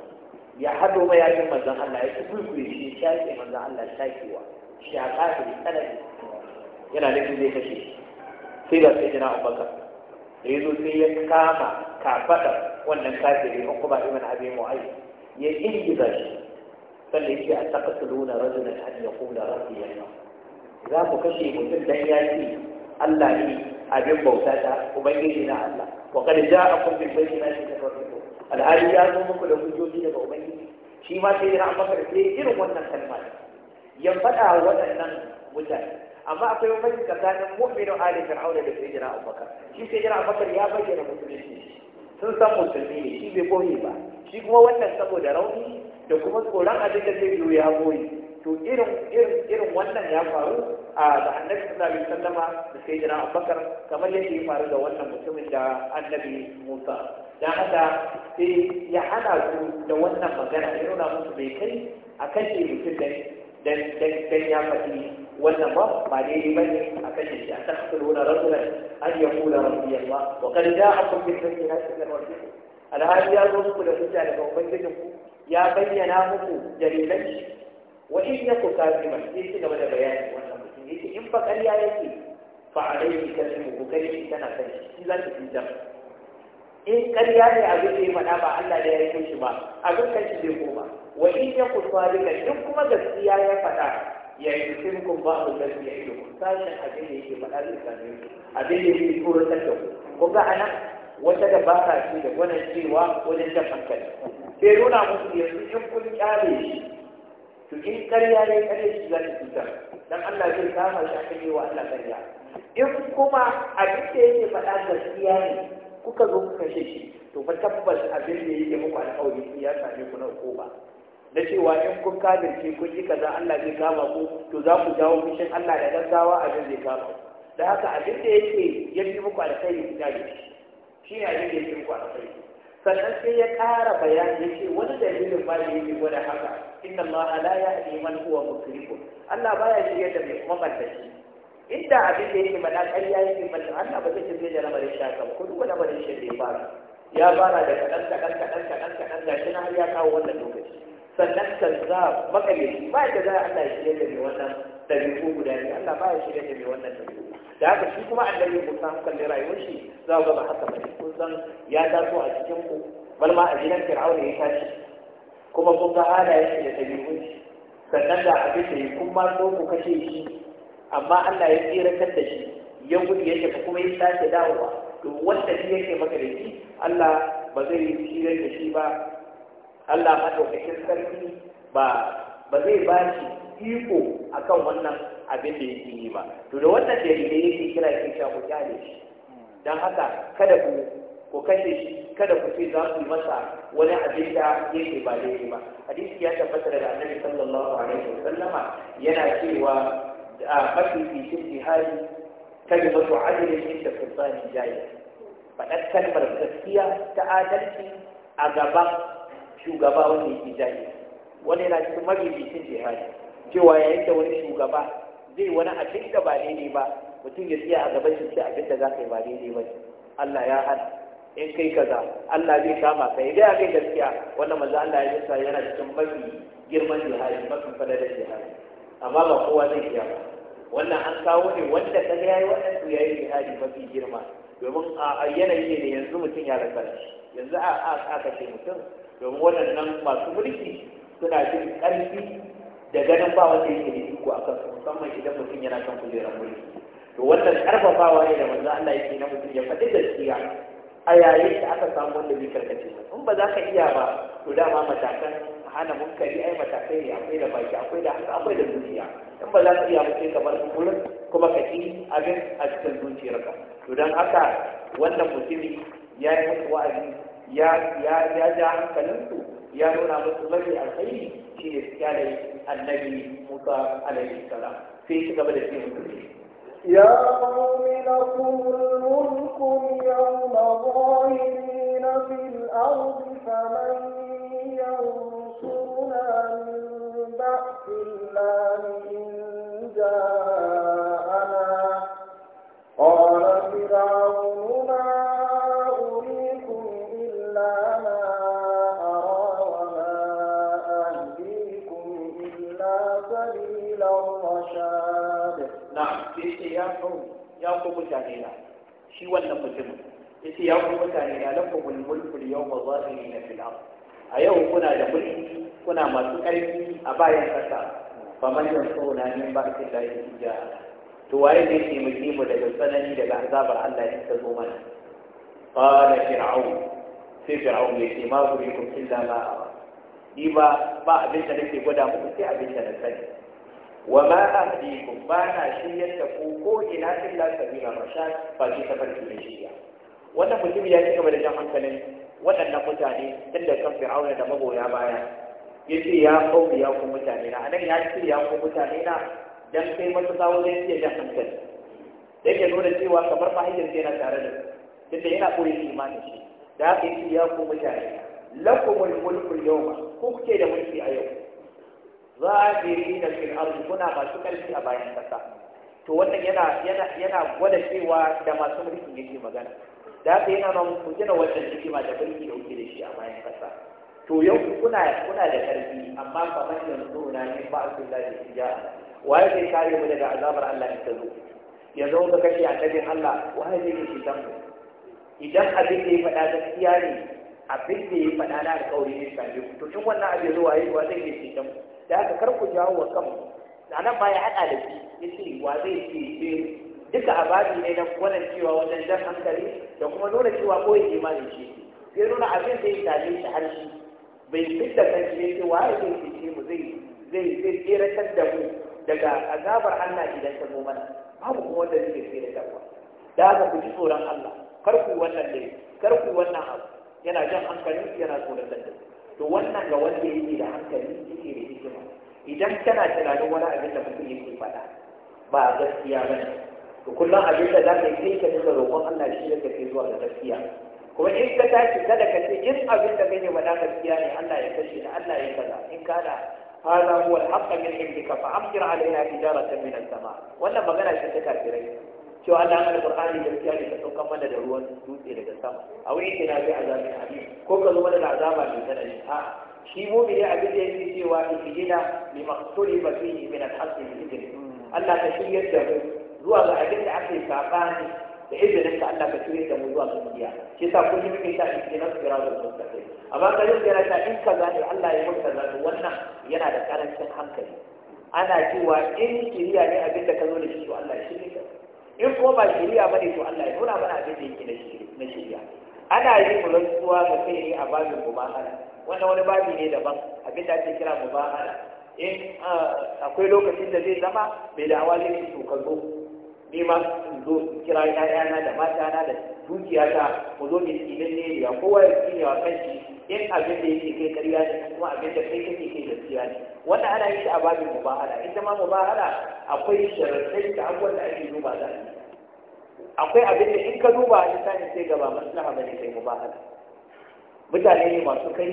ya hado bayanin manzon Allah ya ci kulkure shi ya shaƙe manzon Allah shaƙewa shaƙa da tsanani yana nufin zai kashe sai da sai jina abubakar da ya zo sai ya kama kafaɗa wannan kafiri an kuma ibn abin mu'ayyi ya ingiza shi sannan ya yake a taqtuluna rajulan an yaqula rabbi yana za ku kashe mutum dan ya ce Allah ne abin bauta ta ubangiji na Allah wa kad ja'akum bil shi ta rabbikum al al'adu ya zo muku da hujjoji daga ubangiji shi ma sai na abubakar sai irin wannan kalma ya faɗa waɗannan mutane amma akwai mafi tsakanin mu'minin ali fir'auna da sai jira abubakar shi sai jira abubakar ya bayyana musulunci sun san musulmi ne shi bai boye ba shi kuma wannan saboda rauni da kuma tsoron abin da zai biyo ya boye to irin irin irin wannan ya faru a da annabi sallallahu alaihi wasallama da sai jira abubakar kamar yadda ya faru da wannan mutumin da annabi musa da haka sai ya hana su da wannan magana ya nuna musu bai kai a kashe mutum da dan dan dan ya faɗi wannan ba ba dai bane a kashe shi a takhsuluna rajulan an yaqula rabbi Allah wa qad ja'akum min bayyinatin min rabbikum alhali ya zo ku da hujja daga ubangijin ku ya bayyana muku dalilan shi wa in yaku kaziman sai ci gaba da bayani wannan mutum yake in fa ƙarya yake fa alayhi kasimu ku kai shi kana kai shi za ki fita in ƙarya ne abin da ya faɗa ba Allah da ya yi shi ba abin kan shi bai koma wa in ya ku sadika duk kuma gaskiya ya faɗa ya yi ku ba su da ya yi sashen abin da yake faɗa da same su abin da yake turatar da ku kun ga anan wata da ba ta ce da gwanin cewa wajen jan hankali sai nuna musu yanzu in kun kyale shi to in karya ne karya shi za ta cutar dan Allah zai kama shi aka yi wa Allah karya in kuma abin da yake faɗa gaskiya ne kuka zo kuka kashe shi to fa tabbas abin da yake muku alƙawari ya same ku na uku ba na cewa in kun kafirce kun yi kaza Allah zai kama ku to za ku jawo fushin Allah da gaggawa abin zai kama ku da haka abin da yake ya fi muku alkhairi ku gane shi shi ne abin da yake muku alkhairi sannan sai ya ƙara bayani ya ce wani dalilin ba da yake gwada haka inna Allah la ya'ti man huwa musrifun Allah baya shirya da mai mamantaci inda abin da yake mana ƙarya yake mana Allah ba zai shirya da lamarin shaka ku duba lamarin shirye ba ya fara da kaɗan kaɗan kaɗan kaɗan kaɗan gashi na har ya kawo wannan lokaci sannan kaza makalici ba da za Allah ya shirya da mai wannan dabi'u guda ne Allah ba ya shirya da mai wannan dabi'u da haka shi kuma annabi Musa mun kalli rayuwar shi za ku ga ba haka bane kun san ya taso a cikin ku balma a gidan Fir'auna ya tashi kuma kun ga halayen da dabi'un shi sannan da abin da ya kuma so ku kashe shi amma Allah ya tsiratar da shi ya gudu ya kuma ya sake dawowa to wanda shi yake maka da shi Allah ba zai yi da shi ba Allah maɗaukakin sarki ba ba zai ba shi iko kan wannan abin da yake yi ba to da wannan ya yake kira yake cewa ku kyale shi Don haka kada ku ku kashe shi kada ku ce za ku yi masa wani abin da yake ba daidai ba hadisi ya tabbata daga annabi sallallahu alaihi wa Sallama yana cewa a mafi fitin jihadi kalimatu adalin kusa ni jayi faɗar kalmar gaskiya ta adalci a gaban shugaba wanda yake jahi wani yana cikin mabibicin jihadi cewa yayin da wani shugaba zai wani abin da ba daidai ba mutum ya tsaya a gaban shi ce abin da za ka yi ba daidai ba Allah ya hana in kai kaza Allah zai kama ka idan kai gaskiya wannan manzo Allah ya sa yana cikin mafi girman jihadi mafi fadalar jihadi amma ba kowa zai iya ba wannan an kawo ne wanda ka ga yayi wannan to yayi jihadi mafi girma domin a yanayi ne yanzu mutum ya rasa yanzu a aka ce mutum domin waɗannan masu mulki suna jin ƙarfi da ganin ba wanda yake da iko a kansu musamman idan mutum yana kan kujerar mulki to wannan ƙarfafawa ne da manzo Allah yake na mutum ya faɗi gaskiya a yayin da aka samu wanda bai karkace in ba za ka iya ba to dama matakan hana munkari ai matakai ne akwai da baki akwai da haka akwai da zuciya in ba za ka iya mutum ka bar wurin kuma ka ƙi abin a cikin zuciyarka to don haka wannan mutumi ya yi musu wa'azi ya ja hankalinsu ya nuna musu mafi alkhairi shi ne kyalai annabi musa alaihi salam sai shi gaba da ce musu يا قوم لكم الملك يوم ظاهرين في الأرض فمن ينصرنا من بأس الله إن جاء ya ku mutane na shi wannan mutumin yace ya ku mutane na lakumul mulku yawma yi fil ard a yau kuna da mulki kuna masu karfi a bayan ƙasa fa man yansuna min da llahi tijaa to waye ne ke mu daga tsanani daga azabar Allah ya ta zo mana qala fir'aun sai fir'aun ya ce ma guri kun illa ni ba ba abin da nake gwada muku sai abin da na sani wa ma ahdikum ba na shiryar da ku ko ina illa sabila rashad fa ji ta farki da shiya wannan mutum ya ci gaba da jan hankalin waɗannan mutane tun da kan fir'auna da magoya baya ya ce ya kauri ya ku mutane na anan ya ce ya ku mutane na dan kai matuƙa wajen iya jan hankali yake nuna cewa kamar mahaifiyarsa yana tare da tunda yana koyi imanin shi da haka yake ya ku mutane lakumul mulkul yawma ku kuke da mulki a yau zahirina fil ardi kuna masu ƙarfi a bayan ƙasa to wannan yana yana yana gwada cewa da masu mulki yake magana da haka yana nan ku gina wannan ma da mulki da kuke da shi a bayan ƙasa to yau kuna kuna da ƙarfi amma ban yanzu na ne ba a kula da shi ya waye zai kare mu daga azabar Allah tazo ya zo yanzu ka kashe annabin Allah waye zai shi dan idan abin da ya faɗa gaskiya ne abin da ya faɗa na alƙawari ne kan to tun wannan abin zuwa yi wa zai ke shi dan da haka kar ku jawo wa kanku da nan ba ya haɗa da shi ya ce wa zai ce ce eh, duka abadi ne na wannan cewa wajen jan hankali da kuma nuna cewa ko ya imani shi sai nuna abin da ya dame shi har shi bai fit da kan shi ya ce wa ya zai ce mu zai zai zai tseratar da mu daga azabar Allah idan ta zo mana babu kuma wanda zai tsere da ku da haka ku ji tsoron Allah kar ku wannan ne kar ku wannan abu yana jan hankali yana tsoron da to wannan ga wanda yake da hankali idan kana tunanin wani abin da mutum yake faɗa ba gaskiya ba ne to kullum abin da za ka yi sai ka dinga roƙon Allah shi da kake zuwa ga gaskiya kuma in ka tashi kada ka ce in abin da kake faɗa gaskiya ne Allah ya kashe da Allah ya kaza in ka da hada huwa al-haqq min indika fa amtir alaina tijaratan min as-sama wannan magana shi ta kafirai cewa Allah na Qur'ani gaskiya ne ka sauka mana da ruwan dutse daga sama a wani ke na bi azabin abin ko ka zo mana da azaba mai tsanani a'a shi ya abin da yake cewa ihdina ba fihi yi al-haqqi yi idnik Allah ka shirya da mu zuwa ga abin da aka yi sabani da izinin ka Allah ka shirya da mu zuwa ga duniya shi yasa kullum muke ta ihdina siratal kai amma ka yi kira ta in ka ne Allah ya maka kaza wannan yana da karancin hankali ana cewa in shirya ne abin da ka zo da shi to Allah ya shirya in ko ba ba ne to Allah ya nuna mana abin da yake na shirya. ana yin rantsuwa da kai ne a babin mubahana wannan wani babi ne daban abin da ake kira mubahana in eh, akwai lokacin da zai zama mai da hawa zai to ka zo ni ma in zo in kira ƴaƴana da matana da ta mu zo mai tsinin ne ya kowa ya tsine wa kanshi in abin da yake kai ƙarya ne kuma abin da kai kake kai gaskiya ne wannan ana yin a babin mubahana ita ma mubahana akwai sharaɗai da abubuwan da ake duba za a yi akwai abin da in ka duba a lissafi sai gaba maslaha bane kai mu ba mutane ne masu kai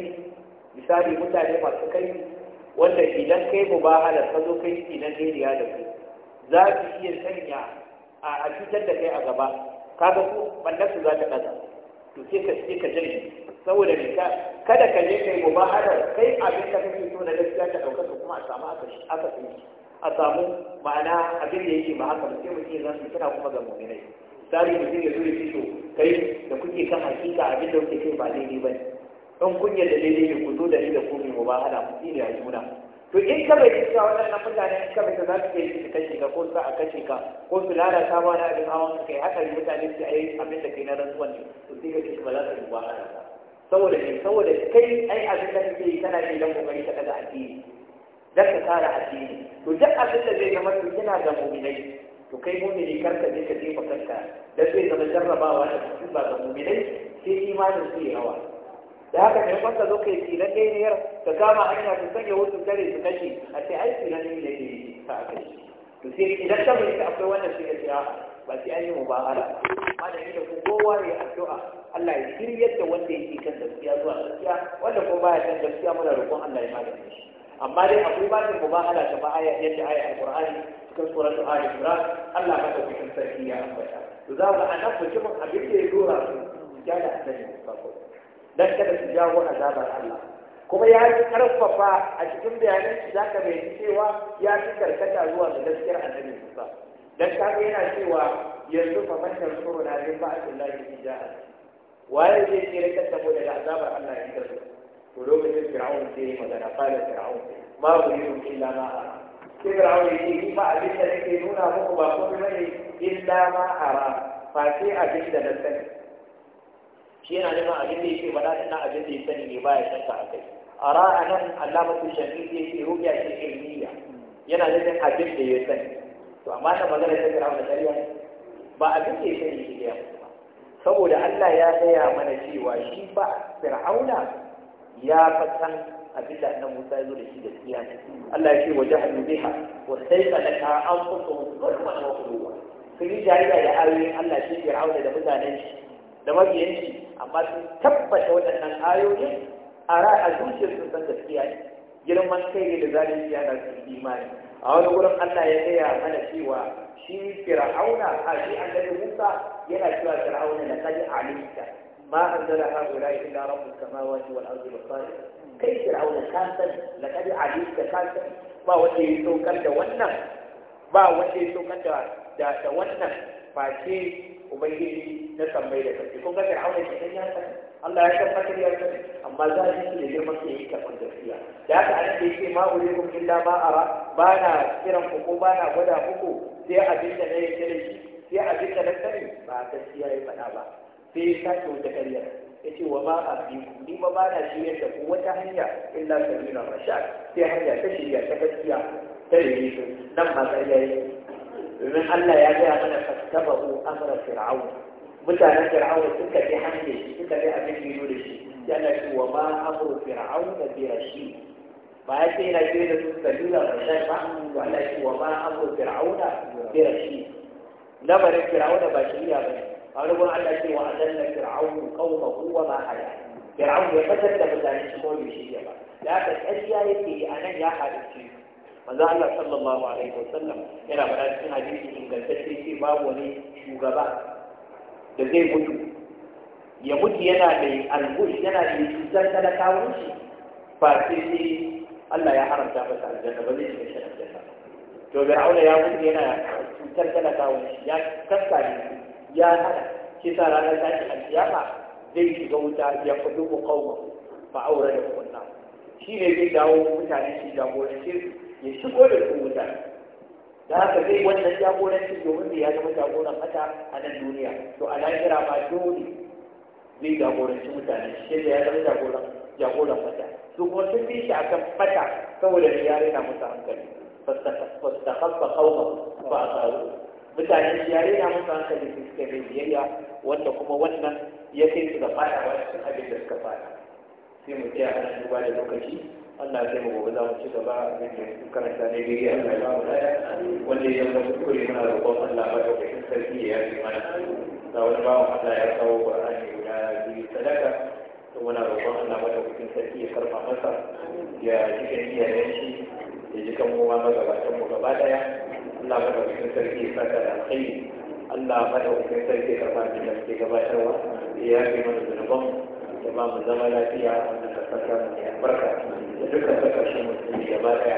misali mutane masu kai wanda idan kai mu ba ka zo kai idan daidaiya da ku za ki iya sanya a cutar da kai a gaba kaga ku ɓannar su za ta ɗaga to sai ka sai ka jirgi saboda ne ka kada ka je kai mu ba kai abin da kake so na gaskiya ta ɗaukaka kuma a samu aka shi a samu ma'ana abin da yake ba haka ba sai mutum ya zan kira kuma ga mu'minai misali mutum ya zuri ya fito kai da kuke kan hakika abin da kuke kai ba daidai ba ne don kunyar da daidai ne ku zo da ni da ku mai mubahada ku tsire a juna to in ka bai kisa wannan mutane in ka bai ka za su kai su kashe ka ko su a kashe ka ko su lalata ma na abin hawan kai haka ne mutane su a yi abin da kai na rantsuwan ne to sai ka ce ba za su yi wahala saboda ne saboda kai ai abin da kake yi kana yi dan kokari ka daga addini dan ka tsara addini to duk abin da zai zama to yana ga mu'minai to kai mu'mini karka je ka jefa kanka da zai zama jarrabawa da cikin ba ga mu'minai sai imanin su hawa da haka ne wanda zo kai tilan daidayar ka kama hanya ta sanya wasu kare su kashe a ce ai tilan ne da ke sa a kai to sai idan ta bai akwai wannan shi gaskiya ba sai an yi ala. malami da ku kowa ya addu'a Allah ya shiryar da wanda yake kan gaskiya zuwa gaskiya wanda ko baya kan gaskiya muna roƙon Allah ya magance shi amma dai akwai batin mubahala ta baya yadda aya alqur'ani cikin surat al imran Allah ka dauki kan sarki ya ambata to za mu anan mutumin abin da ya dora su ya da annabi dan kada su jawo azabar Allah kuma ya yi karfafa a cikin bayanan shi zaka bayyana cewa ya fi karkata zuwa ga gaskiyar annabi Musa dan kaga yana cewa yanzu fa man yansuru na bin ba'dillahi ja'a waye zai tsere kanta mu daga azabar Allah ya karfafa ولومن فرعون في مدن قال فرعون ما أريد إلا ما أرى فرعون يجي ما أريد لكي هنا مقبا قبلني إلا ما أرى فاتي أجد نسني شيء أنا ما أجد لكي ولا أنا أجد لسني ما يشنك أكي أرى أنا علامة الشهيد في رؤيا علمية yana nufin abin da ya sani to amma ta magana ta kira da ƙarya ba abin da ya sani shi ya saboda Allah ya gaya mana cewa shi ba fir'auna ya fatan abinda da annabi Musa ya zo da shi gaskiya ne Allah ya ce wa jahadu biha wa sayfa laka anfusuhum zulman wa quluwa sun yi jahiliya da ayoyin Allah shi Fir'auna da mutanen shi da mabiyan shi amma sun tabbata waɗannan ayoyi a a zuciyar sun san gaskiya ne girman kai ne da zalunci yana su imani a wani wurin Allah ya gaya mana cewa shi Fir'auna a shi annabi Musa yana cewa Fir'auna na a alimta ما أنزل هؤلاء إلا رب السماوات والأرض والطائر كيف العون كان لقد علمت كان ba wanda ya saukar da wannan ba wanda ya saukar da da wannan face ubangiji na sammai da kafi kun ga fir'auna shi dan ya san Allah ya tabbatar ya san amma za a yi da girman da yake kan gaskiya da haka an ce yake ma urikum ba na kiran ku ko ba na gwada muku sai sai na ba ya faɗa ba sai ya sake wata ƙarya ya ce wa ma a biyu ni ba ba na shirya da ku wata hanya illa sabila rashad sai hanya ta shirya ta gaskiya ta rere nan ba ƙarya yi. domin Allah ya gaya mana fastabahu amra fir'aun mutanen fir'aun suka bi hanyar shi suka bi abin da yiro da shi Yana Allah ce wa ma amru fir'aun da bi rashid ba ya ce yana shirya da su sabila rashad ba to Allah ce wa ma amru fir'aun da bi rashid lamarin fir'aun ba shirya ba ne wani gurin Allah ce wa adalla fir'aunu qaumahu wa ma haya fir'aunu ya fatar da mutane shi ko bai shi ba Ya haka ƙarya yake yi nan ya halicce manzo Allah sallallahu alaihi wasallam yana faɗa cikin hadisi ingantacce ce babu wani shugaba da zai mutu ya mutu yana da albush yana da cutar talakawun shi ba sai sai Allah ya haramta masa aljanna ba zai shiga shi aljanna to fir'auna ya mutu yana cutar talakawun shi ya kaskare ya haɗa shi sa ranar tashin alkiyama zai shiga wuta ya kudu ko kawo ba aure da kuma shi ne zai dawo mutane shi jagorance ya shigo da su wuta da haka zai wannan jagoranci domin da ya zama jagoran mata a nan duniya to a lahira ma dole zai jagoranci mutane shi da ya zama jagoran jagoran mata su kuma sun fi shi kan fata saboda ya rina musu hankali fastaqaffa qawmahu fa asaru mutane shi ya rena musu hankali su suka mai biyayya wanda kuma wannan ya kai su da fada ba su abin da suka fada sai mu ce a nan duba da lokaci Allah sai mu gobe za mu ci gaba a cikin su karanta ne dai Allah ya mu daya wanda ya zama kuskure muna roƙon Allah ba da kai sarki ya yi mana ga wani bawan Allah ya kawo ne guda biyu sadaka to muna roƙon Allah ba da kai sarki ya karfa masa ya ji kan iyayen shi ya ji kan mu ma gabatan mu gaba daya Allah madaukakin sarki ya saka da alkhairi Allah madaukakin sarki ka ba da ke gabatarwa ya fi mana zunuban da ba mu zama lafiya da saka mai albarka da dukkan kasashen musulmi gaba ɗaya.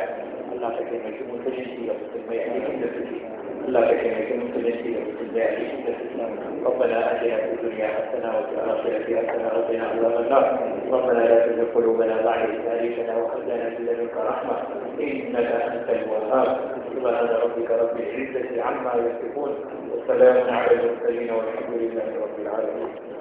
Allah ka taimaki musulunci da mutum mai cikin da suke لا شك أنك ممكن يشتري بالله ربنا أتنا في الدنيا حسنا وفي الآخرة حسنة وقنا عذاب النار ربنا لا تزغ قلوبنا بعد تاريخنا هديتنا وهب لنا رحمة إنك أنت الوهاب سبحان ربك رب العزة عما يصفون والسلام على المرسلين والحمد لله رب العالمين